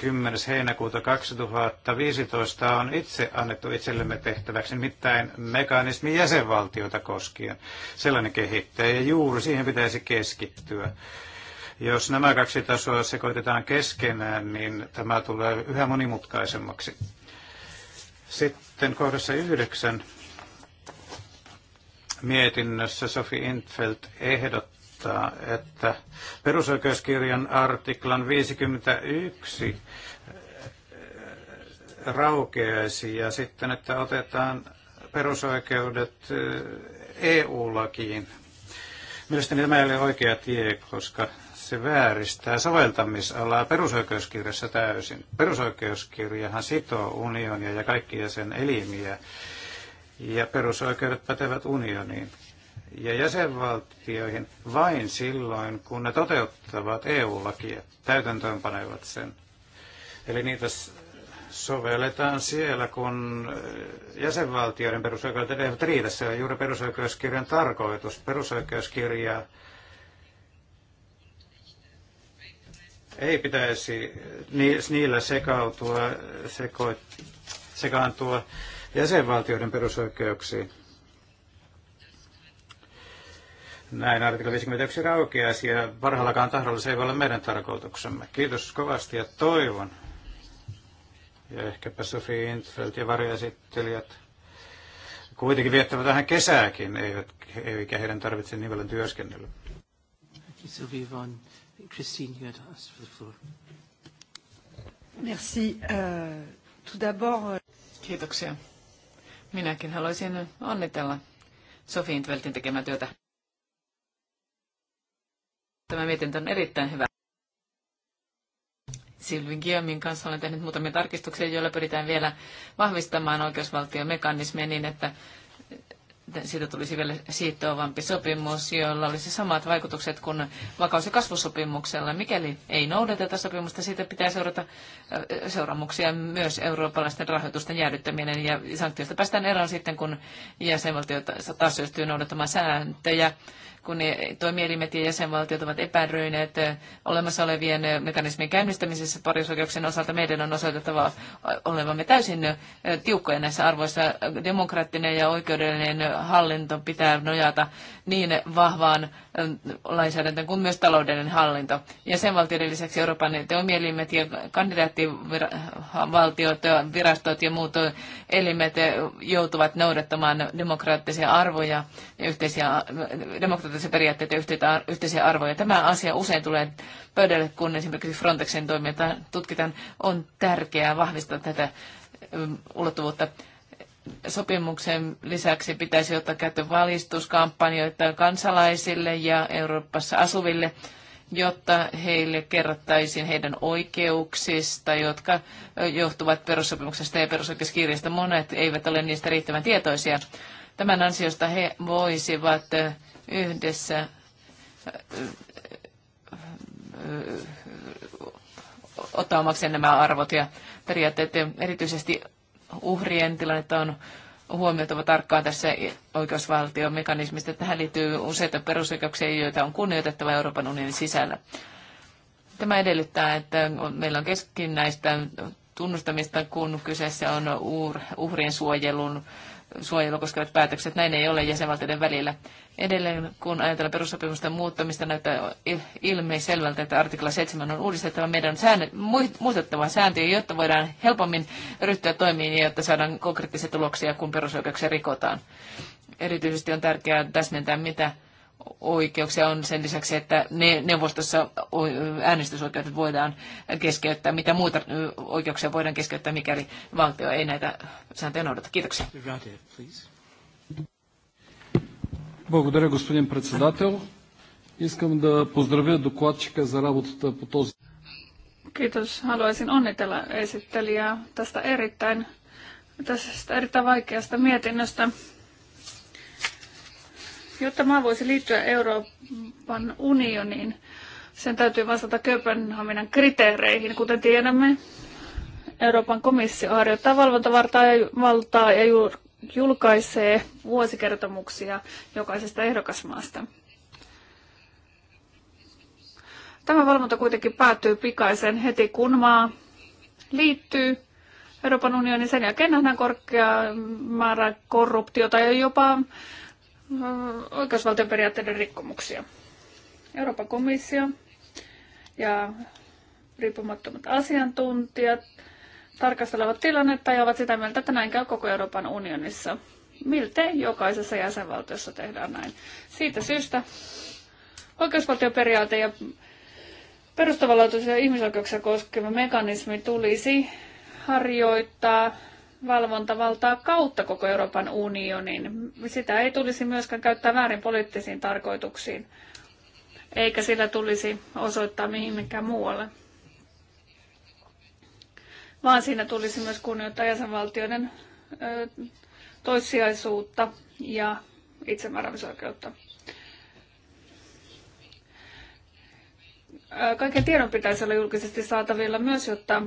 10. heinäkuuta 2015 on itse annettu itsellemme tehtäväksi, mitään mekanismi jäsenvaltiota koskien. Sellainen kehittää ja juuri siihen pitäisi keskittyä. Jos nämä kaksi tasoa sekoitetaan keskenään, niin tämä tulee yhä monimutkaisemmaksi. Sitten kohdassa yhdeksän mietinnössä Sofi Intfeld ehdottaa, muistaa, että perusoikeuskirjan artiklan 51 äh, raukeaisi ja sitten, että otetaan perusoikeudet äh, EU-lakiin. Mielestäni tämä ei ole oikea tie, koska se vääristää soveltamisalaa perusoikeuskirjassa täysin. Perusoikeuskirjahan sitoo unionia ja kaikkia sen elimiä, ja perusoikeudet pätevät unioniin ja jäsenvaltioihin vain silloin, kun ne toteuttavat EU-lakia, täytäntöönpanevat sen. Eli niitä sovelletaan siellä, kun eh, jäsenvaltioiden perusoikeudet eivät riitä. Se on juuri perusoikeuskirjan tarkoitus. Perusoikeuskirjaa ei pitäisi niillä sekautua, seko, sekaantua jäsenvaltioiden perusoikeuksiin. Näin artikla 51 raukeaisi ja parhaallakaan tahdolla se ei voi olla meidän tarkoituksemme. Kiitos kovasti ja toivon, ja ehkäpä Sofi Intfeldt ja varjoesittelijät kuitenkin viettävät vähän kesääkin, eivät, eikä heidän tarvitse niin paljon työskennellä. Merci. Euh, tout d'abord... Euh, Kiitoksia. Minäkin haluaisin onnitella Sofi Intveltin tekemää työtä. Tämä mietintö on erittäin hyvä. Silvin Giomin kanssa olen tehnyt muutamia tarkistuksia, joilla pyritään vielä vahvistamaan oikeusvaltiomekanismeja niin, että siitä tulisi vielä siitoavampi sopimus, jolla olisi samat vaikutukset kuin vakaus- ja kasvusopimuksella. Mikäli ei noudateta sopimusta, siitä pitää seurata äh, seuraamuksia myös eurooppalaisten rahoitusten jäädyttäminen ja sanktioista päästään eroon sitten, kun jäsenvaltiot taas syystyy noudattamaan sääntöjä kun toimielimet ja jäsenvaltiot ovat epäröineet olemassa olevien mekanismien käynnistämisessä parisoikeuksien osalta, meidän on osoitettava olevamme täysin tiukkoja näissä arvoissa. Demokraattinen ja oikeudellinen hallinto pitää nojata niin vahvaan lainsäädäntöön kuin myös taloudellinen hallinto. Jäsenvaltioiden lisäksi Euroopan toimielimet ja kandidaattivaltiot, virastot ja muut elimet joutuvat noudattamaan demokraattisia arvoja ja yhteisiä demokraattisia yhteisiä periaatteita ja yhteisiä arvoja. Tämä asia usein tulee pöydälle, kun esimerkiksi Frontexin toimintaa tutkitaan. On tärkeää vahvistaa tätä mm, ulottuvuutta. Sopimuksen lisäksi pitäisi ottaa käyttöön valistuskampanjoita kansalaisille ja Euroopassa asuville, jotta heille kerrottaisiin heidän oikeuksista, jotka johtuvat perussopimuksesta ja perusoikeuskirjasta. Monet eivät ole niistä riittävän tietoisia Tämän ansiosta he voisivat yhdessä ottaa omakseen nämä arvot ja periaatteet. Erityisesti uhrien tilannetta on huomioitava tarkkaan tässä oikeusvaltiomekanismista. Tähän liittyy useita perusoikeuksia, joita on kunnioitettava Euroopan unionin sisällä. Tämä edellyttää, että meillä on keskinäistä tunnustamista, kun kyseessä on uhrien suojelun suojelua koskevat päätökset. Näin ei ole jäsenvaltioiden välillä. Edelleen kun ajatellaan perussopimusten muuttamista, näyttää ilmeiselvältä, että artikla 7 on uudistettava. Meidän on säännö, muistettava sääntöjä, jotta voidaan helpommin ryhtyä toimiin ja jotta saadaan konkreettisia tuloksia, kun perusoikeuksia rikotaan. Erityisesti on tärkeää täsmentää, mitä oikeuksia on sen lisäksi, että ne neuvostossa äänestysoikeudet voidaan keskeyttää, mitä muuta oikeuksia voidaan keskeyttää, mikäli valtio ei näitä sääntöjä noudata. Kiitoksia. Благодаря, господин председател. Искам да поздравя докладчика за работата по този... Kiitos. Haluaisin onnitella esittelijää tästä erittäin, tästä erittäin vaikeasta mietinnöstä. Jotta maa voisi liittyä Euroopan unioniin, sen täytyy vastata Kööpenhaminan kriteereihin. Kuten tiedämme, Euroopan komissio harjoittaa valvontavaltaa ja julkaisee vuosikertomuksia jokaisesta ehdokasmaasta. Tämä valvonta kuitenkin päättyy pikaisen heti, kun maa liittyy Euroopan unionin. Sen jälkeen nähdään korkea määrä korruptiota ja jopa oikeusvaltion periaatteiden rikkomuksia. Euroopan komissio ja riippumattomat asiantuntijat tarkastelevat tilannetta ja ovat sitä mieltä, että näin käy koko Euroopan unionissa. Miltei jokaisessa jäsenvaltiossa tehdään näin. Siitä syystä oikeusvaltioperiaate ja perustavanlaatuisia ihmisoikeuksia koskeva mekanismi tulisi harjoittaa valvontavaltaa kautta koko Euroopan unionin. Sitä ei tulisi myöskään käyttää väärin poliittisiin tarkoituksiin, eikä sillä tulisi osoittaa mihinkään muualle. Vaan siinä tulisi myös kunnioittaa jäsenvaltioiden ö, toissijaisuutta ja itsemääräämisoikeutta. Kaiken tiedon pitäisi olla julkisesti saatavilla myös, jotta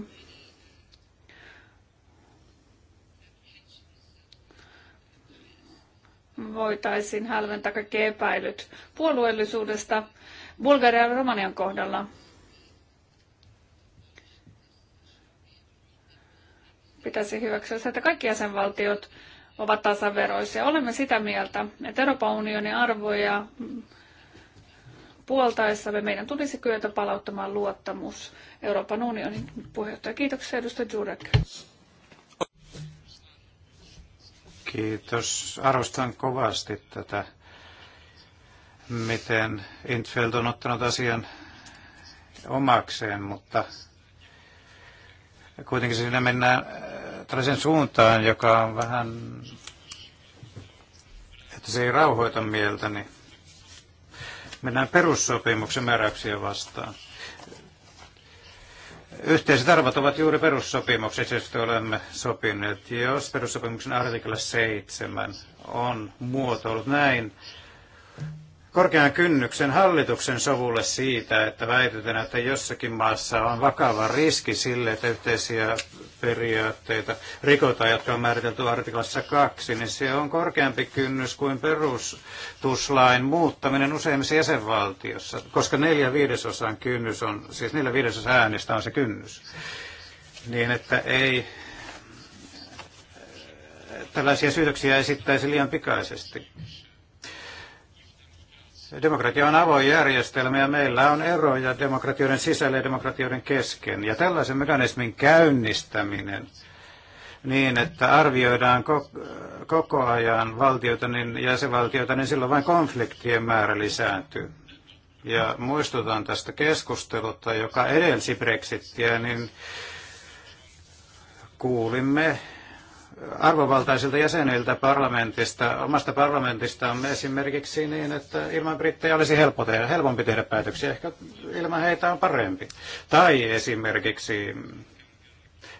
voitaisiin hälventää kaikki epäilyt puolueellisuudesta Bulgarian ja Romanian kohdalla. Pitäisi hyväksyä se, että kaikki jäsenvaltiot ovat tasaveroisia. Olemme sitä mieltä, että Euroopan unionin arvoja puoltaessamme meidän tulisi kyetä palauttamaan luottamus Euroopan unionin puheenjohtaja. Kiitoksia edustaja Jurek. Kiitos. Arvostan kovasti tätä, miten Intfeld on ottanut asian omakseen, mutta kuitenkin siinä mennään äh, tällaisen suuntaan, joka on vähän, että se ei rauhoita mieltäni. Mennään perussopimuksen määräyksiä vastaan. Yhteiset arvot ovat juuri perussopimukset, joista olemme sopineet. Jos perussopimuksen artikla 7 on muotoillut näin korkean kynnyksen hallituksen sovulle siitä, että väitetään, että jossakin maassa on vakava riski sille, että yhteisiä periaatteita rikotaan, jotka on määritelty artiklassa 2, niin se on korkeampi kynnys kuin perustuslain muuttaminen useimmissa jäsenvaltiossa, koska neljä viidesosan kynnys on, siis neljä viidesosa äänestä on se kynnys. Niin, että ei tällaisia syytöksiä esittäisi liian pikaisesti Demokratia on avoin järjestelmä ja meillä on eroja demokratioiden sisällä ja demokratioiden kesken. Ja tällaisen mekanismin käynnistäminen niin, että arvioidaan koko ajan valtioita niin jäsenvaltioita, niin silloin vain konfliktien määrä lisääntyy. Ja muistutan tästä keskustelusta, joka edelsi Brexittiä, niin kuulimme arvovaltaisilta jäseniltä parlamentista, omasta parlamentistamme esimerkiksi niin, että ilman brittejä olisi helppo tehdä, helpompi tehdä päätöksiä, ehkä ilman heitä on parempi. Tai esimerkiksi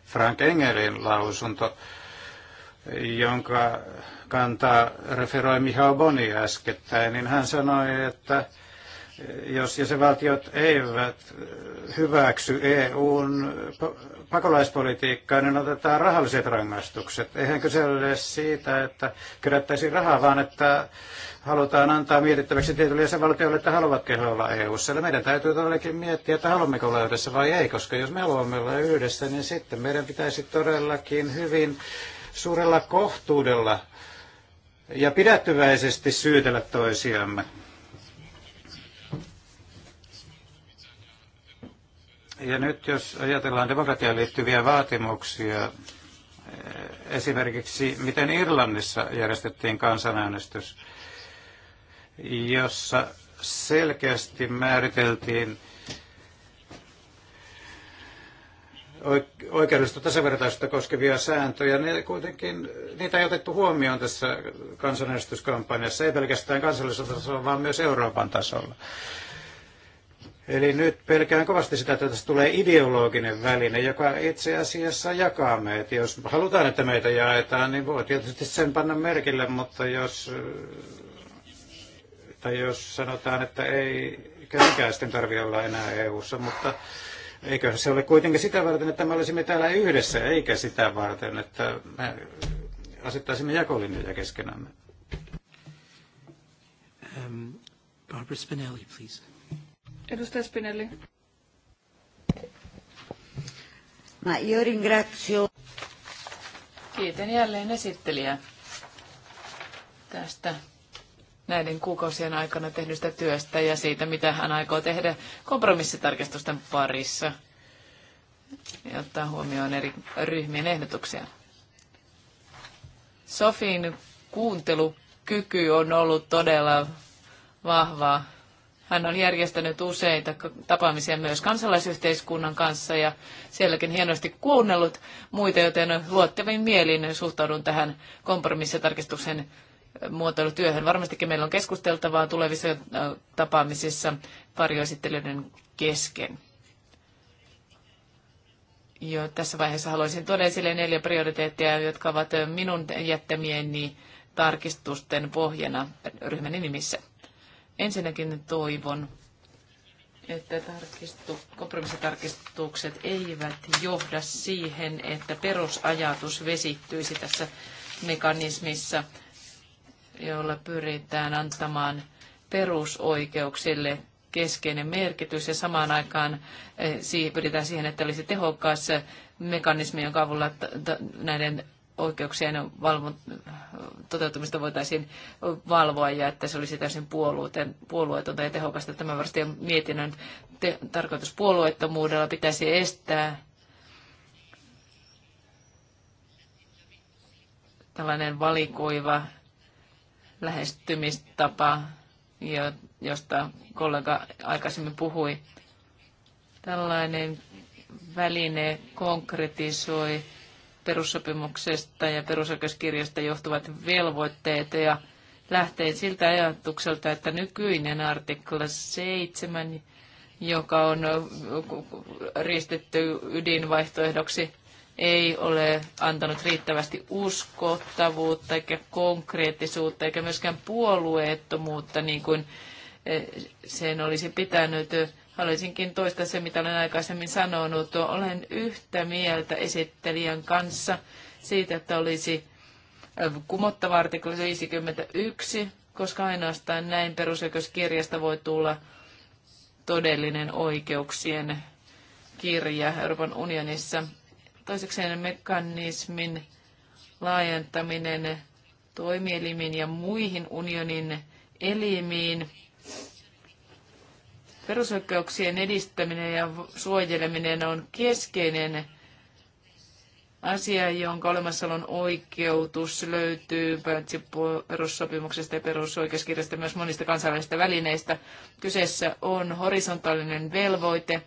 Frank Engelin lausunto, jonka kantaa referoi Michal Boni äskettäin, niin hän sanoi, että jos jäsenvaltiot eivät hyväksy EUn pakolaispolitiikkaan, niin otetaan rahalliset rangaistukset. Eihän kyse ole siitä, että kerättäisiin rahaa, vaan että halutaan antaa mietittäväksi tietyille jäsenvaltioille, että haluavatko he olla eu Eli meidän täytyy todellakin miettiä, että haluammeko olla yhdessä vai ei, koska jos me haluamme olla yhdessä, niin sitten meidän pitäisi todellakin hyvin suurella kohtuudella ja pidättyväisesti syytellä toisiamme Ja nyt jos ajatellaan demokratiaan liittyviä vaatimuksia, eh, esimerkiksi miten Irlannissa järjestettiin kansanäänestys, jossa selkeästi määriteltiin oikeudellista tasavertaisuutta koskevia sääntöjä, ne kuitenkin, niitä ei otettu huomioon tässä kansanäänestyskampanjassa, ei pelkästään kansallisella tasolla, vaan myös Euroopan tasolla. Eli nyt pelkään kovasti sitä, että tässä tulee ideologinen väline, joka itse asiassa jakaa meitä. Jos halutaan, että meitä jaetaan, niin voi tietysti sen panna merkille, mutta jos, äh, tai jos sanotaan, että ei sitten tarvitse olla enää EU-ssa, mutta eiköhän se ole kuitenkin sitä varten, että me olisimme täällä yhdessä, eikä sitä varten, että me asettaisimme jakolinjoja keskenämme. Um, Barbara Spinelli, please. Edustaja Spinelli. Mä io ringrazio. Kiitän jälleen esittelijää tästä näiden kuukausien aikana tehdystä työstä ja siitä, mitä hän aikoo tehdä kompromissitarkistusten parissa ja ottaa huomioon eri ryhmien ehdotuksia. Sofin kuuntelukyky on ollut todella vahvaa hän on järjestänyt useita tapaamisia myös kansalaisyhteiskunnan kanssa ja sielläkin hienosti kuunnellut muita, joten luottavin mielin suhtaudun tähän kompromissitarkistuksen muotoilutyöhön. Varmastikin meillä on keskusteltavaa tulevissa tapaamisissa varjoesittelyiden kesken. Jo tässä vaiheessa haluaisin tuoda esille neljä prioriteettia, jotka ovat minun jättämieni tarkistusten pohjana ryhmäni nimissä. Ensinnäkin toivon, että tarkistu, kompromissitarkistukset eivät johda siihen, että perusajatus vesittyisi tässä mekanismissa, jolla pyritään antamaan perusoikeuksille keskeinen merkitys ja samaan aikaan eh, pyritään siihen, että olisi tehokas mekanismi, jonka avulla näiden oikeuksien valvon, toteutumista voitaisiin valvoa ja että se olisi täysin puolueetonta ja tehokasta. Tämä varmasti on mietinnön te- tarkoitus puolueettomuudella pitäisi estää tällainen valikoiva lähestymistapa, josta kollega aikaisemmin puhui. Tällainen väline konkretisoi perussopimuksesta ja perusoikeuskirjasta johtuvat velvoitteet ja lähtee siltä ajatukselta, että nykyinen artikla 7, joka on ristetty ydinvaihtoehdoksi, ei ole antanut riittävästi uskottavuutta eikä konkreettisuutta eikä myöskään puolueettomuutta, niin kuin eh, sen olisi pitänyt Haluaisinkin toistaa se, mitä olen aikaisemmin sanonut. Olen yhtä mieltä esittelijän kanssa siitä, että olisi kumottava artikla 51, koska ainoastaan näin perusoikeuskirjasta voi tulla todellinen oikeuksien kirja Euroopan unionissa. Toisekseen mekanismin laajentaminen toimielimiin ja muihin unionin elimiin Perusoikeuksien edistäminen ja suojeleminen on keskeinen asia, jonka olemassaolon oikeutus löytyy paitsi perussopimuksesta ja perusoikeuskirjasta myös monista kansainvälisistä välineistä. Kyseessä on horisontaalinen velvoite,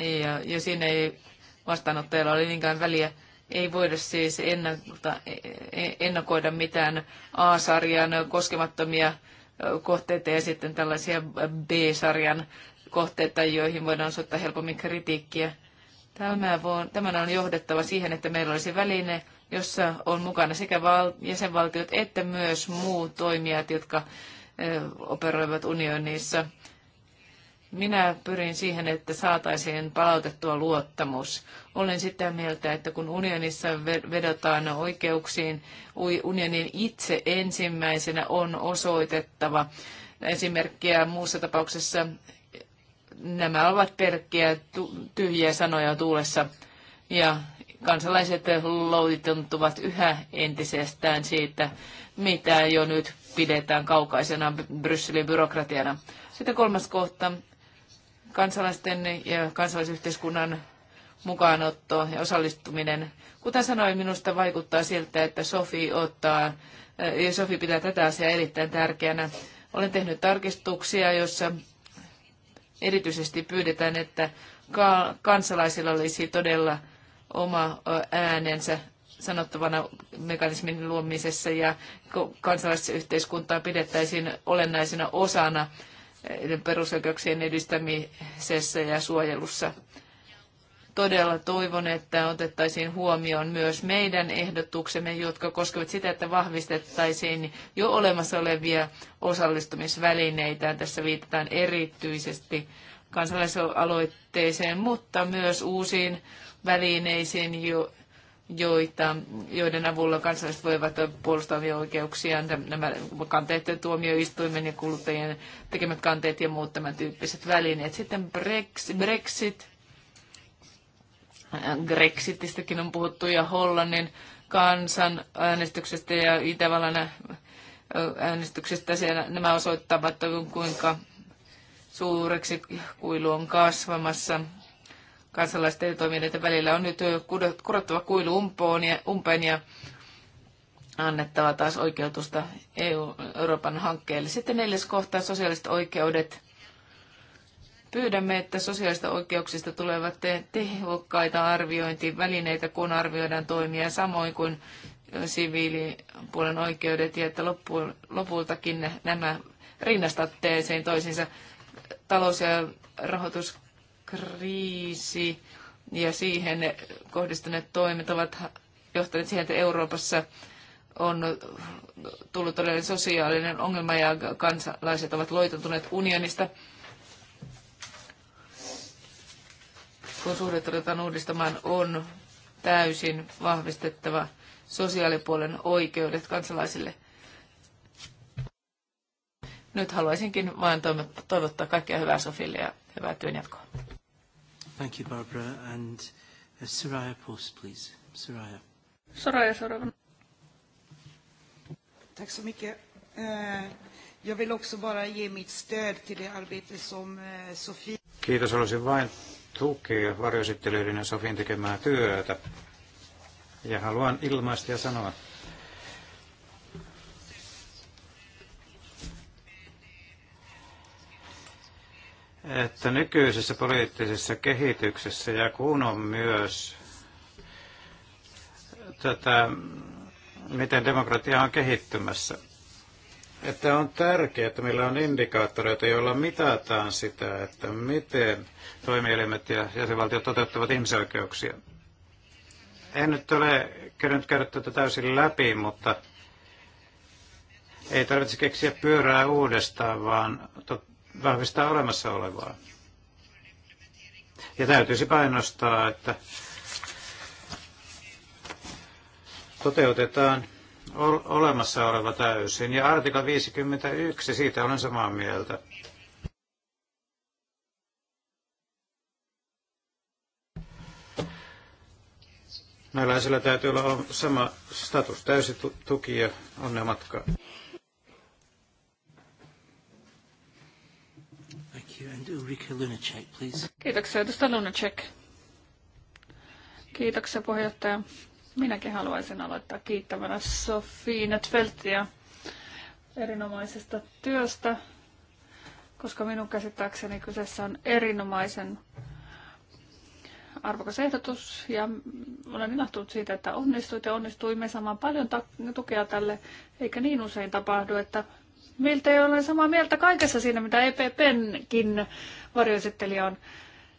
ja, ja siinä ei vastaanottajalla ole niinkään väliä. Ei voida siis e, e, ennakoida mitään A-sarjan koskemattomia kohteita ja sitten tällaisia B-sarjan kohteita, joihin voidaan osoittaa helpommin kritiikkiä. Tämä tämän on johdettava siihen, että meillä olisi väline, jossa on mukana sekä jäsenvaltiot että myös muut toimijat, jotka operoivat unionissa. Minä pyrin siihen, että saataisiin palautettua luottamus. Olen sitä mieltä, että kun unionissa vedotaan oikeuksiin, unionin itse ensimmäisenä on osoitettava esimerkkiä muussa tapauksessa nämä ovat pelkkiä tyhjiä sanoja tuulessa ja kansalaiset loitontuvat yhä entisestään siitä, mitä jo nyt pidetään kaukaisena Brysselin byrokratiana. Sitten kolmas kohta, kansalaisten ja kansalaisyhteiskunnan mukaanotto ja osallistuminen. Kuten sanoin, minusta vaikuttaa siltä, että Sofi ottaa, eh, ja Sofi pitää tätä asiaa erittäin tärkeänä. Olen tehnyt tarkistuksia, joissa erityisesti pyydetään, että kansalaisilla olisi todella oma eh, äänensä sanottavana mekanismin luomisessa ja kansalaisyhteiskuntaa pidettäisiin olennaisena osana perusoikeuksien edistämisessä ja suojelussa. Todella toivon, että otettaisiin huomioon myös meidän ehdotuksemme, jotka koskevat sitä, että vahvistettaisiin jo olemassa olevia osallistumisvälineitä. Tässä viitataan erityisesti kansalaisaloitteeseen, mutta myös uusiin välineisiin, jo, joita, joiden avulla kansalaiset voivat puolustaa omia oikeuksiaan. Nämä kanteet tuomioistuimen ja kuluttajien tekemät kanteet ja muut tämän tyyppiset välineet. Sitten Brexit. Brexitistäkin on puhuttu ja Hollannin kansan äänestyksestä ja Itävallan äänestyksestä. Siellä nämä osoittavat, kuinka suureksi kuilu on kasvamassa kansalaisten ja toimijoiden välillä on nyt kurottava kuilu umpoon ja, umpeen ja annettava taas oikeutusta EU, Euroopan hankkeelle. Sitten neljäs kohta, sosiaaliset oikeudet. Pyydämme, että sosiaalista oikeuksista tulevat tehokkaita arviointivälineitä, kun arvioidaan toimia, samoin kuin siviilipuolen oikeudet, ja että loppu, lopultakin nämä rinnastatteeseen toisiinsa. Talous- ja rahoitus kriisi ja siihen kohdistuneet toimet ovat johtaneet siihen, että Euroopassa on tullut todellinen sosiaalinen ongelma ja kansalaiset ovat loitontuneet unionista. Kun suhdet ruvetaan uudistamaan, on täysin vahvistettava sosiaalipuolen oikeudet kansalaisille. Nyt haluaisinkin vain toivottaa kaikkea hyvää Sofille ja hyvää työnjatkoa. Thank you, Barbara. And uh, Soraya Post, please. Soraya. Soraya, Soraya. Tack så mycket. Uh, jag vill också bara ge mitt stöd till det arbete som uh, Sofie... Kiitos, haluaisin vain tukea varjoesittelyiden ja Sofien tekemää työtä. Ja haluan ilmaista ja sanoa, että nykyisessä poliittisessa kehityksessä ja kun on myös tätä, miten demokratia on kehittymässä, että on tärkeää, että meillä on indikaattoreita, joilla mitataan sitä, että miten toimielimet ja jäsenvaltiot toteuttavat ihmisoikeuksia. En nyt ole kerännyt käydä tätä täysin läpi, mutta ei tarvitse keksiä pyörää uudestaan, vaan vahvistaa olemassa olevaa. Ja täytyisi painostaa, että toteutetaan olemassa oleva täysin. Ja artikla 51, siitä olen samaa mieltä. Näillä täytyy olla sama status, täysi tuki ja onnea matkaan. and Ulrika Lunacek, please. Kiitoksia, edustaja Lunacek. Kiitoksia, puheenjohtaja. Minäkin haluaisin aloittaa kiittävänä Sofie Netfeltia erinomaisesta työstä, koska minun käsittääkseni kyseessä on erinomaisen arvokas ehdotus ja olen ilahtunut siitä, että onnistuit ja onnistuimme saamaan paljon tukea tälle, eikä niin usein tapahdu, että Miltä ei ole samaa mieltä kaikessa siinä, mitä EPPnkin varjoesittelijä on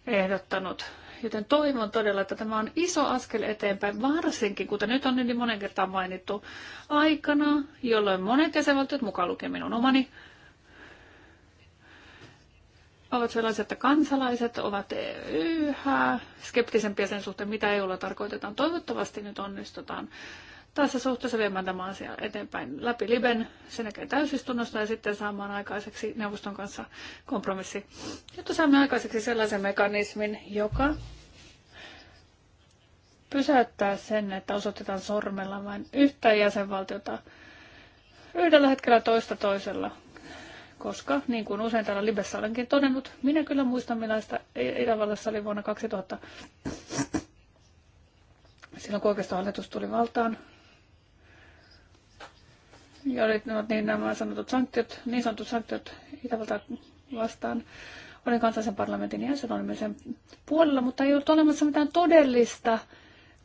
ehdottanut. Joten toivon todella, että tämä on iso askel eteenpäin, varsinkin kuten nyt on niin monen kertaan mainittu, aikana, jolloin monet jäsenvaltiot, mukaan lukien minun omani, ovat sellaisia, että kansalaiset ovat yhä skeptisempiä sen suhteen, mitä EUlla tarkoitetaan. Toivottavasti nyt onnistutaan tässä suhteessa viemään tämä asia eteenpäin läpi Liben, sen jälkeen täysistunnosta ja sitten saamaan aikaiseksi neuvoston kanssa kompromissi, jotta saamme aikaiseksi sellaisen mekanismin, joka pysäyttää sen, että osoitetaan sormella vain yhtä jäsenvaltiota yhdellä hetkellä toista toisella. Koska, niin kuin usein täällä Libessä olenkin todennut, minä kyllä muistan, millaista Itävallassa oli vuonna 2000 silloin kun hallitus tuli valtaan, ja olivat niin nämä sanotut sanktiot, niin sanotut sanktiot Itävaltaa vastaan. Olin kansallisen parlamentin jäsen, olin sen puolella, mutta ei ollut olemassa mitään todellista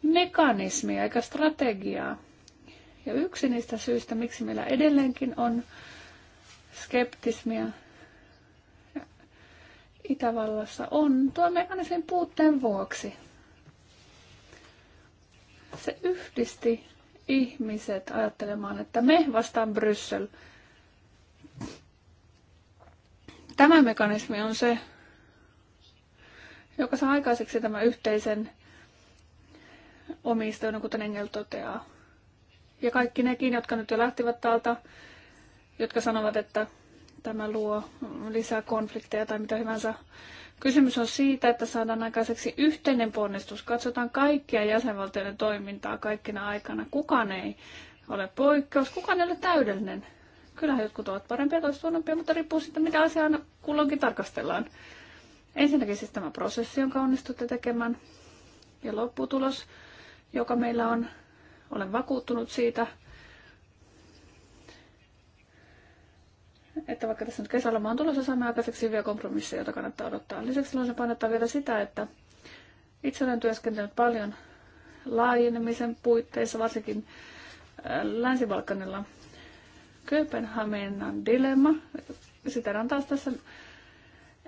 mekanismia eikä strategiaa. Ja yksi niistä syistä, miksi meillä edelleenkin on skeptismiä Itävallassa, on tuo mekanismin puutteen vuoksi. Se yhdisti ihmiset ajattelemaan, että me vastaan Bryssel. Tämä mekanismi on se, joka saa aikaiseksi tämän yhteisen omistajan, kuten Engel toteaa. Ja kaikki nekin, jotka nyt jo lähtivät täältä, jotka sanovat, että tämä luo lisää konflikteja tai mitä hyvänsä, Kysymys on siitä, että saadaan aikaiseksi yhteinen ponnistus. Katsotaan kaikkia jäsenvaltioiden toimintaa kaikkina aikana. Kukaan ei ole poikkeus, kukaan ei ole täydellinen. Kyllähän jotkut ovat parempia, toiset huonompia, mutta riippuu siitä, mitä asiaa kulloinkin tarkastellaan. Ensinnäkin siis tämä prosessi, jonka onnistutte tekemään, ja lopputulos, joka meillä on. Olen vakuuttunut siitä, että vaikka tässä nyt kesällä on tulossa, saamme aikaiseksi hyviä kompromisseja, joita kannattaa odottaa. Lisäksi haluaisin painottaa vielä sitä, että itse olen työskennellyt paljon laajenemisen puitteissa, varsinkin äh, Länsi-Balkanilla. Kööpenhaminan dilemma, sitä on taas tässä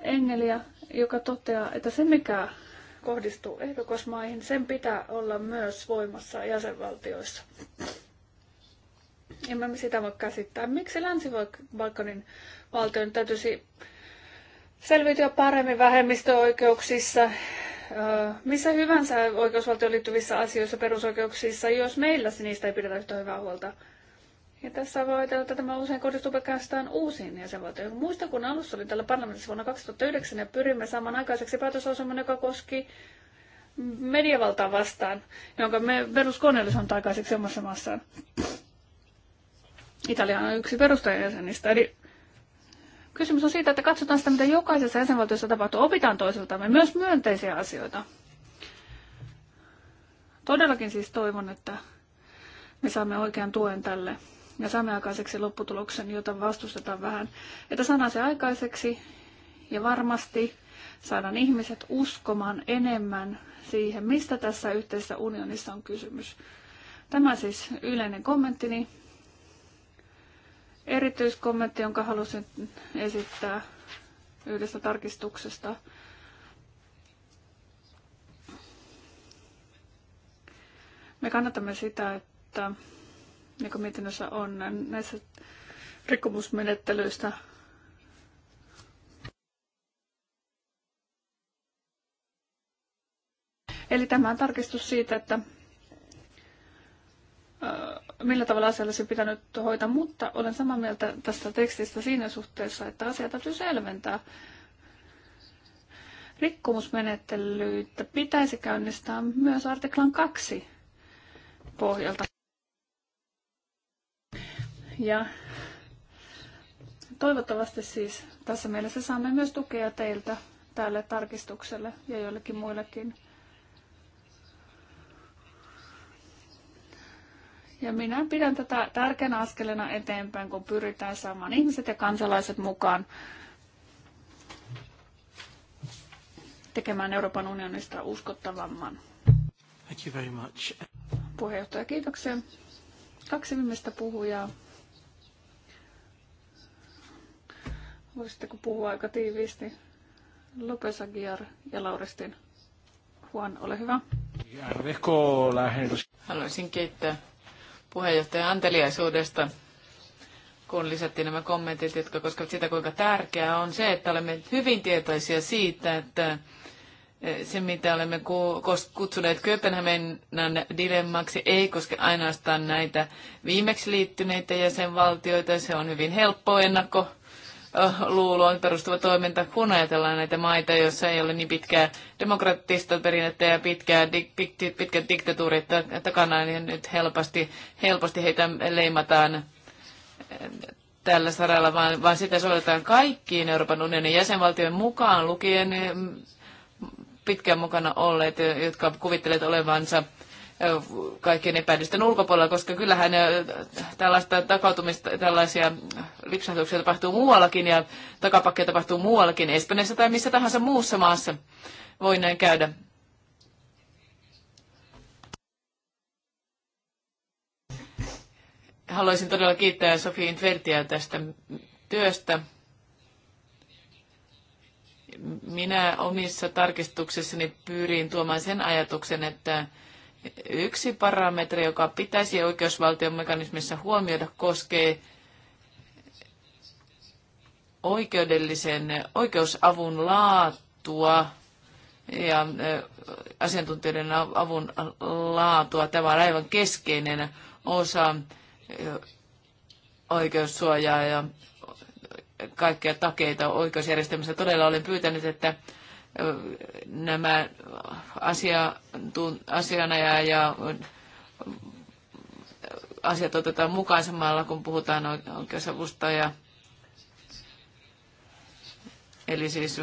Engeliä, joka toteaa, että se mikä kohdistuu ehdokasmaihin, sen pitää olla myös voimassa jäsenvaltioissa. En niin mä sitä voi käsittää. Miksi Länsi-Balkanin valtion täytyisi selviytyä paremmin vähemmistöoikeuksissa, äh, missä hyvänsä oikeusvaltioon liittyvissä asioissa, perusoikeuksissa, jos meillä niistä ei pidetä yhtä hyvää huolta. Ja tässä voi ajatella, että tämä usein kohdistuu pelkästään uusiin jäsenvaltioihin. Muista, kun alussa oli tällä parlamentissa vuonna 2009 ja pyrimme saamaan aikaiseksi päätösosuman, joka koski mediavaltaa vastaan, jonka me peruskonellis on aikaiseksi omassa maassaan. Italiahan on yksi perustajajäsenistä. Eli kysymys on siitä, että katsotaan sitä, mitä jokaisessa jäsenvaltiossa tapahtuu. Opitaan toisiltamme myös myönteisiä asioita. Todellakin siis toivon, että me saamme oikean tuen tälle ja saamme aikaiseksi lopputuloksen, jota vastustetaan vähän. Että saadaan se aikaiseksi ja varmasti saadaan ihmiset uskomaan enemmän siihen, mistä tässä yhteisessä unionissa on kysymys. Tämä siis yleinen kommenttini erityiskommentti, jonka halusin esittää yhdestä tarkistuksesta. Me kannatamme sitä, että niin kuin mietinnössä on näissä rikkomusmenettelyistä Eli tämä on tarkistus siitä, että Äh, millä tavalla asia olisi pitänyt hoitaa, mutta olen samaa mieltä tästä tekstistä siinä suhteessa, että asia täytyy selventää. Rikkomusmenettelyitä pitäisi käynnistää myös artiklan 2 pohjalta. Ja toivottavasti siis tässä mielessä saamme myös tukea teiltä tälle tarkistukselle ja joillekin muillekin Ja minä pidän tätä tärkeänä askelena eteenpäin, kun pyritään saamaan ihmiset ja kansalaiset mukaan tekemään Euroopan unionista uskottavamman. Thank you very much. Puheenjohtaja, kiitoksia. Kaksi viimeistä puhujaa. Voisitteko puhua aika tiiviisti? Lopes Aguiar ja Lauristin. Juan, ole hyvä. Haluaisin kiittää puheenjohtajan anteliaisuudesta, kun lisättiin nämä kommentit, jotka koskevat sitä, kuinka tärkeää on se, että olemme hyvin tietoisia siitä, että e, se, mitä olemme kutsuneet Kööpenhaminan dilemmaksi, ei koske ainoastaan näitä viimeksi liittyneitä jäsenvaltioita. Se on hyvin helppo ennakko luuloon perustuva toiminta, kun ajatellaan näitä maita, joissa ei ole niin pitkää demokraattista perinnettä ja pitkää, di, pit, pitkät diktatuurit takana, niin nyt helposti, helposti heitä leimataan eh, tällä saralla, vaan, vaan sitä soitetaan kaikkiin Euroopan unionin jäsenvaltioiden mukaan lukien mm, pitkään mukana olleet, jotka kuvittelevat olevansa kaikkien epäilysten ulkopuolella, koska kyllähän tällaista takautumista, tällaisia lipsahduksia tapahtuu muuallakin ja takapakkeja tapahtuu muuallakin, Espanjassa tai missä tahansa muussa maassa voi näin käydä. Haluaisin todella kiittää Sofi Intvertiä tästä työstä. Minä omissa tarkistuksissani pyrin tuomaan sen ajatuksen, että Yksi parametri, joka pitäisi oikeusvaltion mekanismissa huomioida, koskee oikeudellisen oikeusavun laatua ja asiantuntijoiden avun laatua. Tämä on aivan keskeinen osa oikeussuojaa ja kaikkia takeita oikeusjärjestelmässä. Todella olen pyytänyt, että nämä asianaja ja asiat otetaan mukaan samalla, kun puhutaan oikeusavusta. Ja, eli siis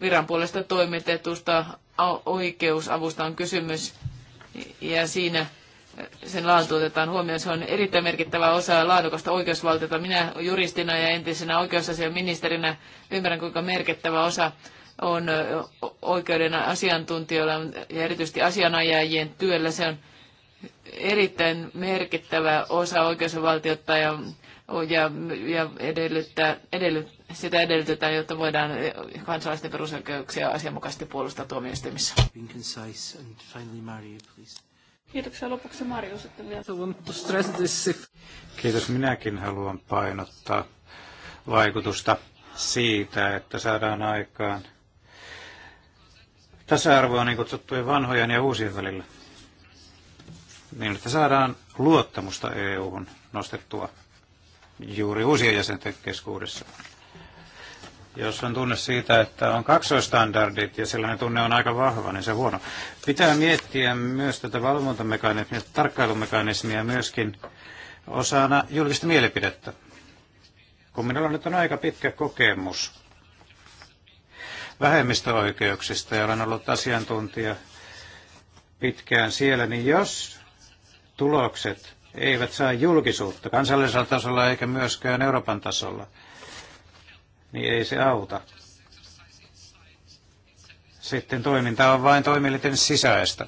viran puolesta toimitetusta oikeusavusta on kysymys. Ja siinä sen laatu otetaan huomioon. Se on erittäin merkittävä osa laadukasta oikeusvaltiota. Minä juristina ja entisenä oikeusasiaministerinä ymmärrän, kuinka merkittävä osa on oikeuden asiantuntijoilla ja erityisesti asianajajien työllä. Se on erittäin merkittävä osa oikeusvaltiota ja, ja, ja edellyttää, edellyt, sitä edellytetään, jotta voidaan kansalaisten perusoikeuksia asianmukaisesti puolustaa tuomioistuimissa. Kiitoksia lopuksi Marju sitten vielä. Kiitos. Minäkin haluan painottaa vaikutusta siitä, että saadaan aikaan tasa-arvoa niin kutsuttujen vanhojen ja uusien välillä. Niin, että saadaan luottamusta EU-hun nostettua juuri uusien jäsenten keskuudessa. Jos on tunne siitä, että on kaksoistandardit ja sellainen tunne on aika vahva, niin se huono. Pitää miettiä myös tätä valvontamekanismia, tarkkailumekanismia myöskin osana julkista mielipidettä. Kun minulla nyt on aika pitkä kokemus vähemmistöoikeuksista ja olen ollut asiantuntija pitkään siellä, niin jos tulokset eivät saa julkisuutta kansallisella tasolla eikä myöskään Euroopan tasolla, niin ei se auta. Sitten toiminta on vain toimielinten sisäistä.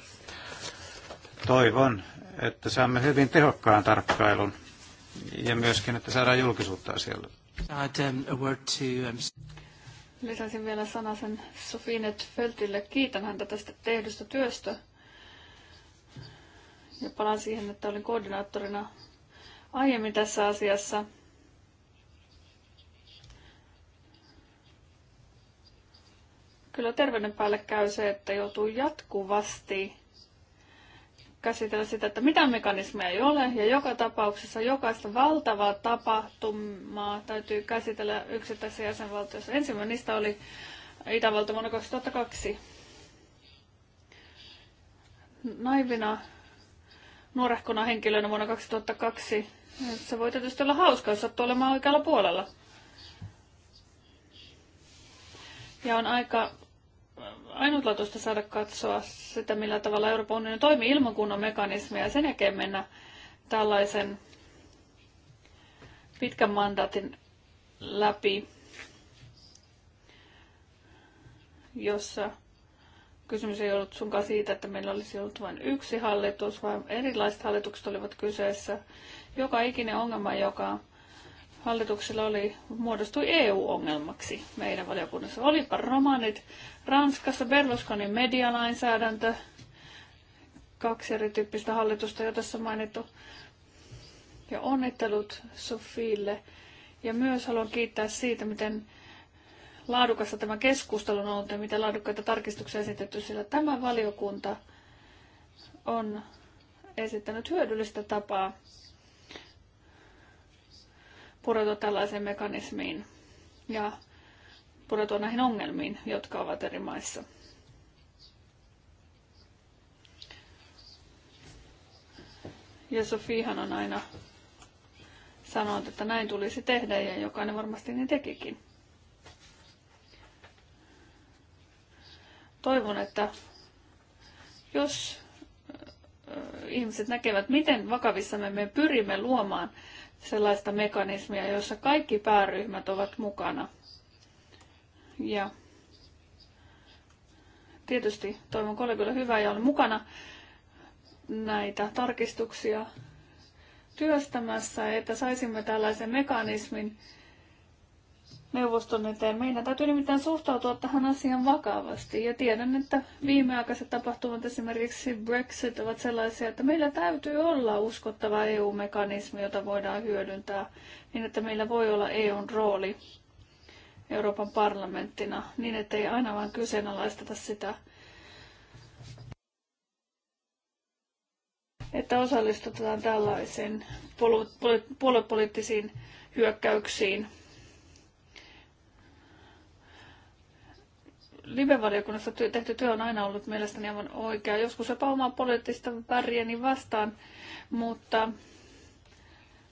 Toivon, että saamme hyvin tehokkaan tarkkailun ja myöskin, että saadaan julkisuutta asialle. Um, um, Lisäsin vielä sanasen Sofinet Feltille. Kiitän häntä tästä tehdystä työstä. Ja palaan siihen, että olin koordinaattorina aiemmin tässä asiassa. Kyllä terveyden päälle käy se, että joutuu jatkuvasti käsitellä sitä, että mitä mekanismeja ei ole, ja joka tapauksessa jokaista valtavaa tapahtumaa täytyy käsitellä yksittäisessä jäsenvaltiossa. Ensimmäinen niistä oli Itävalta vuonna 2002. Naivina nuorehkona henkilönä vuonna 2002 se voi tietysti olla hauska, jos sattuu olemaan oikealla puolella. Ja on aika ainutlaatuista saada katsoa sitä, millä tavalla Euroopan unioni toimii ilman kunnon mekanismia ja sen jälkeen mennä tällaisen pitkän mandaatin läpi, jossa kysymys ei ollut sunkaan siitä, että meillä olisi ollut vain yksi hallitus, vaan erilaiset hallitukset olivat kyseessä. Joka ikinen ongelma, joka hallituksella oli, muodostui EU-ongelmaksi meidän valiokunnassa. Olipa romanit Ranskassa, Berlusconin medialainsäädäntö, kaksi erityyppistä hallitusta jo tässä mainittu. Ja onnittelut Sofiille. Ja myös haluan kiittää siitä, miten laadukassa tämä keskustelu on ollut ja miten laadukkaita tarkistuksia esitetty, sillä tämä valiokunta on esittänyt hyödyllistä tapaa pureutua tällaiseen mekanismiin ja pureutua näihin ongelmiin, jotka ovat eri maissa. Ja Sofihan on aina sanonut, että näin tulisi tehdä ja jokainen varmasti niin tekikin. Toivon, että jos ihmiset näkevät, miten vakavissa me pyrimme luomaan sellaista mekanismia, jossa kaikki pääryhmät ovat mukana. Ja tietysti toivon kollegoille hyvää ja olen mukana näitä tarkistuksia työstämässä, että saisimme tällaisen mekanismin, neuvoston eteen. Meidän täytyy nimittäin suhtautua tähän asiaan vakavasti. Ja tiedän, että viimeaikaiset tapahtumat, esimerkiksi Brexit, ovat sellaisia, että meillä täytyy olla uskottava EU-mekanismi, jota voidaan hyödyntää, niin että meillä voi olla EUn rooli Euroopan parlamenttina, niin ettei aina vain kyseenalaisteta sitä, että osallistutaan tällaisiin puoluepoliittisiin hyökkäyksiin live-valiokunnassa tehty työ on aina ollut mielestäni aivan oikea, joskus jopa omaa poliittista väriäni vastaan, mutta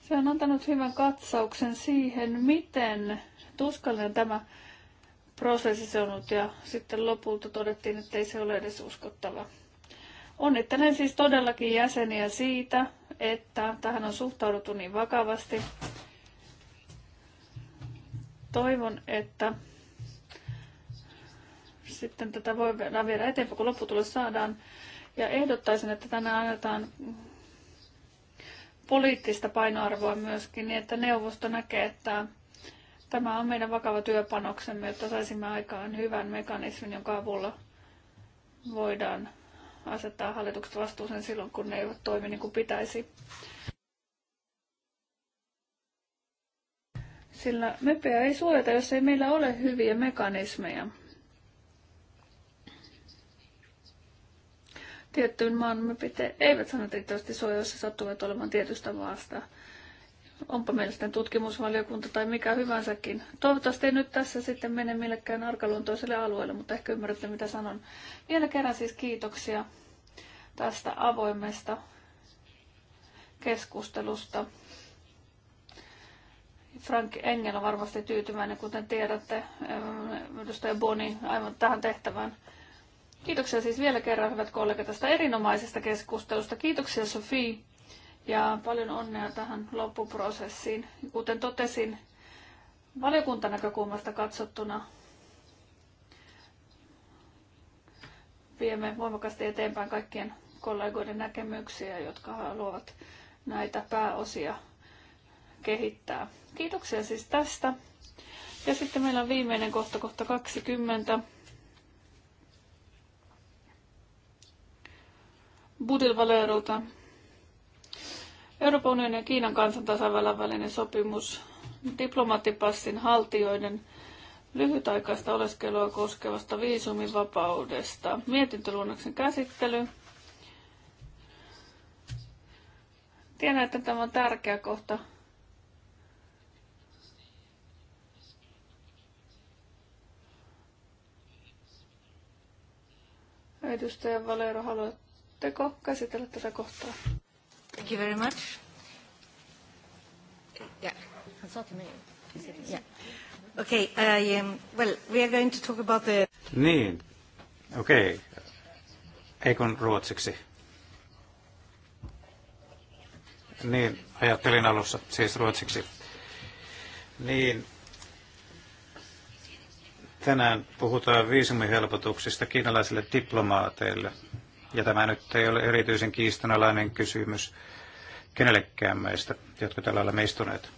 se on antanut hyvän katsauksen siihen, miten tuskallinen tämä prosessi se on ollut ja sitten lopulta todettiin, että ei se ole edes uskottava. Onnittelen siis todellakin jäseniä siitä, että tähän on suhtauduttu niin vakavasti. Toivon, että sitten tätä voidaan viedä eteenpäin, kun lopputulos saadaan. Ja ehdottaisin, että tänään annetaan poliittista painoarvoa myöskin, niin että neuvosto näkee, että tämä on meidän vakava työpanoksemme, jotta saisimme aikaan hyvän mekanismin, jonka avulla voidaan asettaa hallitukset vastuuseen silloin, kun ne eivät toimi niin kuin pitäisi. Sillä mepeä ei suojata, jos ei meillä ole hyviä mekanismeja. tiettyyn maan eivät sanoa riittävästi suojelussa sattuvat olemaan tietystä maasta. Onpa mielestäni tutkimusvaliokunta tai mikä hyvänsäkin. Toivottavasti ei nyt tässä sitten mene millekään arkaluontoiselle alueelle, mutta ehkä ymmärrätte mitä sanon. Vielä kerran siis kiitoksia tästä avoimesta keskustelusta. Frank Engel on varmasti tyytyväinen, kuten tiedätte, edustaja Boni aivan tähän tehtävään. Kiitoksia siis vielä kerran, hyvät kollegat, tästä erinomaisesta keskustelusta. Kiitoksia Sofie ja paljon onnea tähän loppuprosessiin. Kuten totesin, valiokuntanäkökulmasta katsottuna viemme voimakkaasti eteenpäin kaikkien kollegoiden näkemyksiä, jotka haluavat näitä pääosia kehittää. Kiitoksia siis tästä. Ja sitten meillä on viimeinen kohta, kohta 20. Budil Valerulta. Euroopan unionin ja Kiinan kansantasavallan välinen sopimus diplomaattipassin haltijoiden lyhytaikaista oleskelua koskevasta viisumivapaudesta. Mietintöluonnoksen käsittely. Tiedän, että tämä on tärkeä kohta. Edustaja Valero, haluat Voitteko käsitellä tätä kohtaa? Thank you very much. Yeah. Okay, I, um, well, we are going to talk about the... Niin, okei. Okay. Eikon ruotsiksi. Niin, ajattelin alussa, siis ruotsiksi. Niin, tänään puhutaan viisumihelpotuksista kiinalaisille diplomaateille. Ja tämä nyt ei ole erityisen kiistanalainen kysymys kenellekään meistä, jotka tällä olemme istuneet.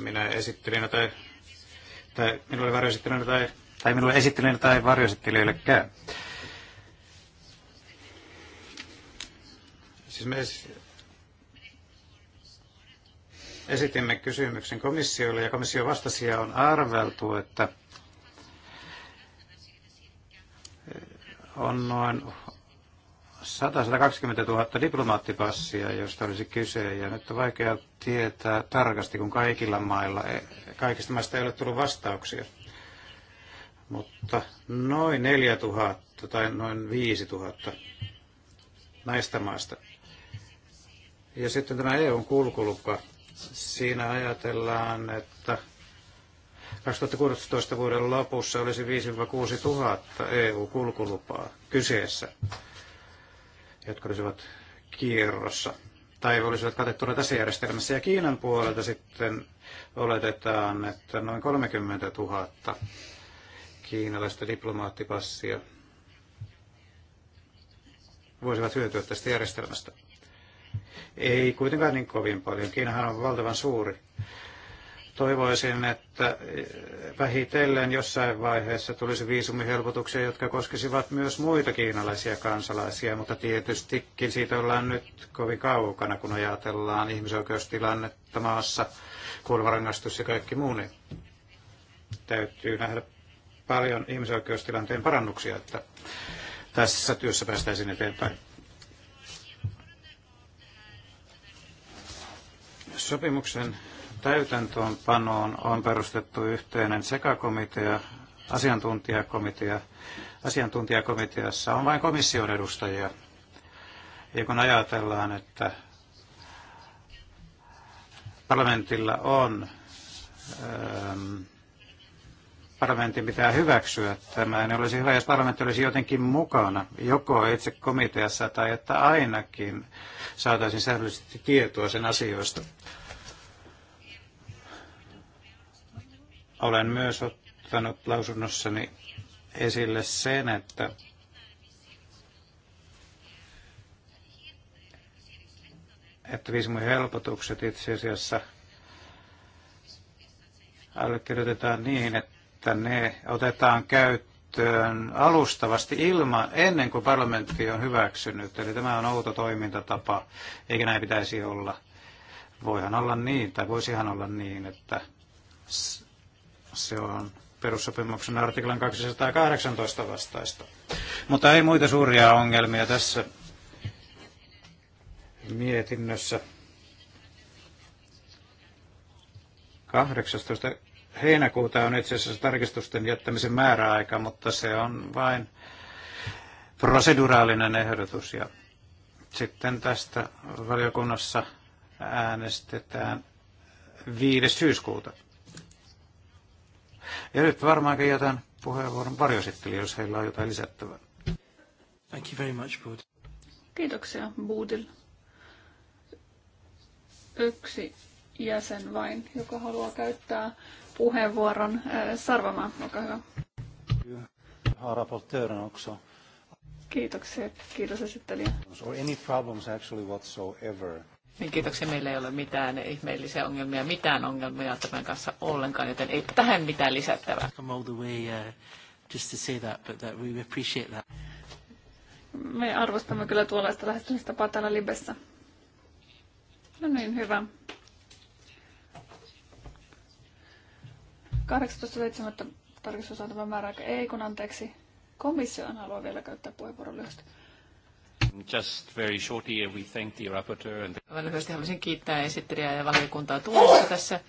Minä esittelin tai, tai minulle varjoesittelijänä tai, tai minulle esittelijänä tai varjoesittelijöillekään. Siis me esitimme kysymyksen komissiolle ja komission vastasia on arveltu, että on noin 100-120 000 diplomaattipassia, joista olisi kyse, ja nyt on vaikea tietää tarkasti, kun kaikilla mailla, e- kaikista maista ei ole tullut vastauksia. Mutta noin 4 000 tai noin 5 000 näistä maista. Ja sitten tämä EUn kulkulupa. Siinä ajatellaan, että 2016 vuoden lopussa olisi 5-6 000 EU-kulkulupaa kyseessä jotka olisivat kierrossa tai olisivat katettuna tässä järjestelmässä. Ja Kiinan puolelta sitten oletetaan, että noin 30 000 kiinalaista diplomaattipassia voisivat hyötyä tästä järjestelmästä. Ei kuitenkaan niin kovin paljon. Kiinahan on valtavan suuri Toivoisin, että vähitellen jossain vaiheessa tulisi viisumihelpotuksia, jotka koskisivat myös muita kiinalaisia kansalaisia, mutta tietystikin siitä ollaan nyt kovin kaukana, kun ajatellaan ihmisoikeustilannetta maassa, kuolemarangaistus ja kaikki muu, niin täytyy nähdä paljon ihmisoikeustilanteen parannuksia, että tässä työssä päästäisiin eteenpäin. Sopimuksen täytäntöönpanoon on perustettu yhteinen sekakomitea, asiantuntijakomitea. Asiantuntijakomiteassa on vain komission edustajia. Ja kun ajatellaan, että parlamentilla on, ähm, parlamentin pitää hyväksyä tämä, niin olisi hyvä, jos parlamentti olisi jotenkin mukana, joko itse komiteassa tai että ainakin saataisiin säännöllisesti tietoa sen asioista. Olen myös ottanut lausunnossani esille sen, että että helpotukset itse asiassa allekirjoitetaan niin, että ne otetaan käyttöön alustavasti ilman, ennen kuin parlamentti on hyväksynyt. Eli tämä on outo toimintatapa, eikä näin pitäisi olla. Voihan olla niin, tai voisihan olla niin, että se on perussopimuksen artiklan 218 vastaista. Mutta ei muita suuria ongelmia tässä mietinnössä. 18. heinäkuuta on itse asiassa tarkistusten jättämisen määräaika, mutta se on vain proseduraalinen ehdotus. Ja sitten tästä valiokunnassa äänestetään 5. syyskuuta. Ja nyt varmaankin jätän puheenvuoron varjoesittelijä, jos heillä on jotain lisättävää. Thank you very much, Bud. Kiitoksia, Budil. Yksi jäsen vain, joka haluaa käyttää puheenvuoron. Äh, Sarvamaa, olkaa hyvä. Kiitoksia. Kiitos esittelijä. any problems actually whatsoever. Niin kiitoksia. Meillä ei ole mitään ihmeellisiä ongelmia, mitään ongelmia tämän kanssa ollenkaan, joten ei tähän mitään lisättävää. Uh, Me arvostamme kyllä tuollaista lähestymistapaa täällä Libessä. No niin, hyvä. 18.7. tarkistus määräaika. Ei kun anteeksi. Komissio haluaa vielä käyttää puheenvuoron lyhyesti. Just very shortly, we thank the rapporteur and... lyhyesti haluaisin kiittää esittelijää ja valiokuntaa tulossa tässä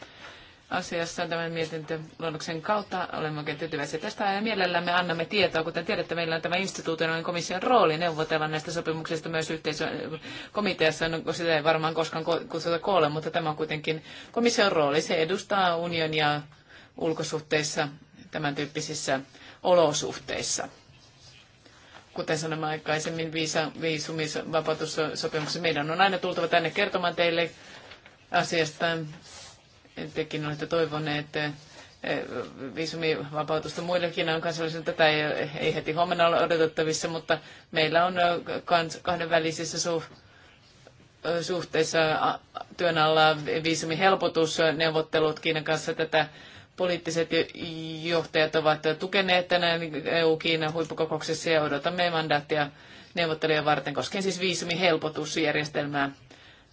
asiassa tämän mietintöluonnoksen kautta. Olemme oikein tyytyväisiä tästä ja mielellämme annamme tietoa. Kuten tiedätte, meillä on tämä instituutioiden komission rooli neuvotella näistä sopimuksista myös yhteisökomiteassa. No, sitä ei varmaan koskaan kutsuta koolle, mutta tämä on kuitenkin komission rooli. Se edustaa unionia ulkosuhteissa tämän tyyppisissä olosuhteissa. Kuten sanoin aikaisemmin viisa, viisumisvapautussopimuksessa, meidän on aina tultava tänne kertomaan teille asiasta. Tekin olette toivoneet eh, viisumivapautusta muillekin on kansallisen. Tätä ei, ei heti huomenna ole odotettavissa, mutta meillä on eh, kahdenvälisissä eh, suhteissa työn alla viisumihelpotusneuvottelut Kiinan kanssa tätä poliittiset johtajat ovat tukeneet tänään EU-Kiinan huippukokouksessa ja odotamme mandaattia neuvottelijan varten koskien siis viisumihelpotusjärjestelmää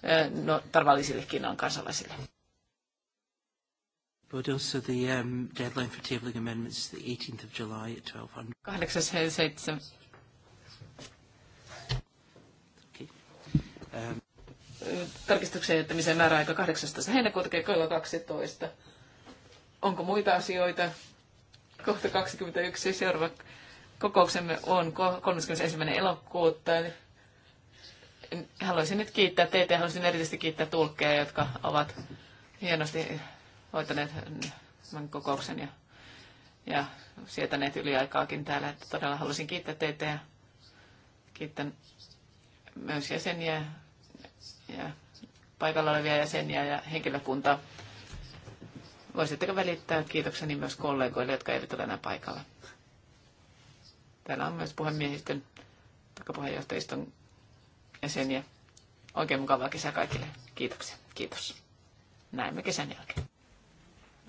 helpotusjärjestelmää no, tavallisille Kiinan kansalaisille. But also the um, deadline for tabling amendments is the 18th of July at 1200. Tarkistuksen jättämisen määräaika 18. heinäkuuta kello 12. Onko muita asioita? Kohta 21. Seuraava kokouksemme on 31. elokuuta. Haluaisin nyt kiittää teitä ja haluaisin erityisesti kiittää tulkkeja, jotka ovat hienosti hoitaneet tämän kokouksen ja, ja sietäneet yliaikaakin täällä. Että todella haluaisin kiittää teitä ja kiittän myös jäseniä ja paikalla olevia jäseniä ja henkilökuntaa. Voisitteko välittää kiitokseni myös kollegoille, jotka eivät ole enää paikalla? Täällä on myös puhemiehistön tai puheenjohtajiston jäseniä. Oikein mukavaa kesää kaikille. Kiitoksia. Kiitos. Näemme kesän jälkeen.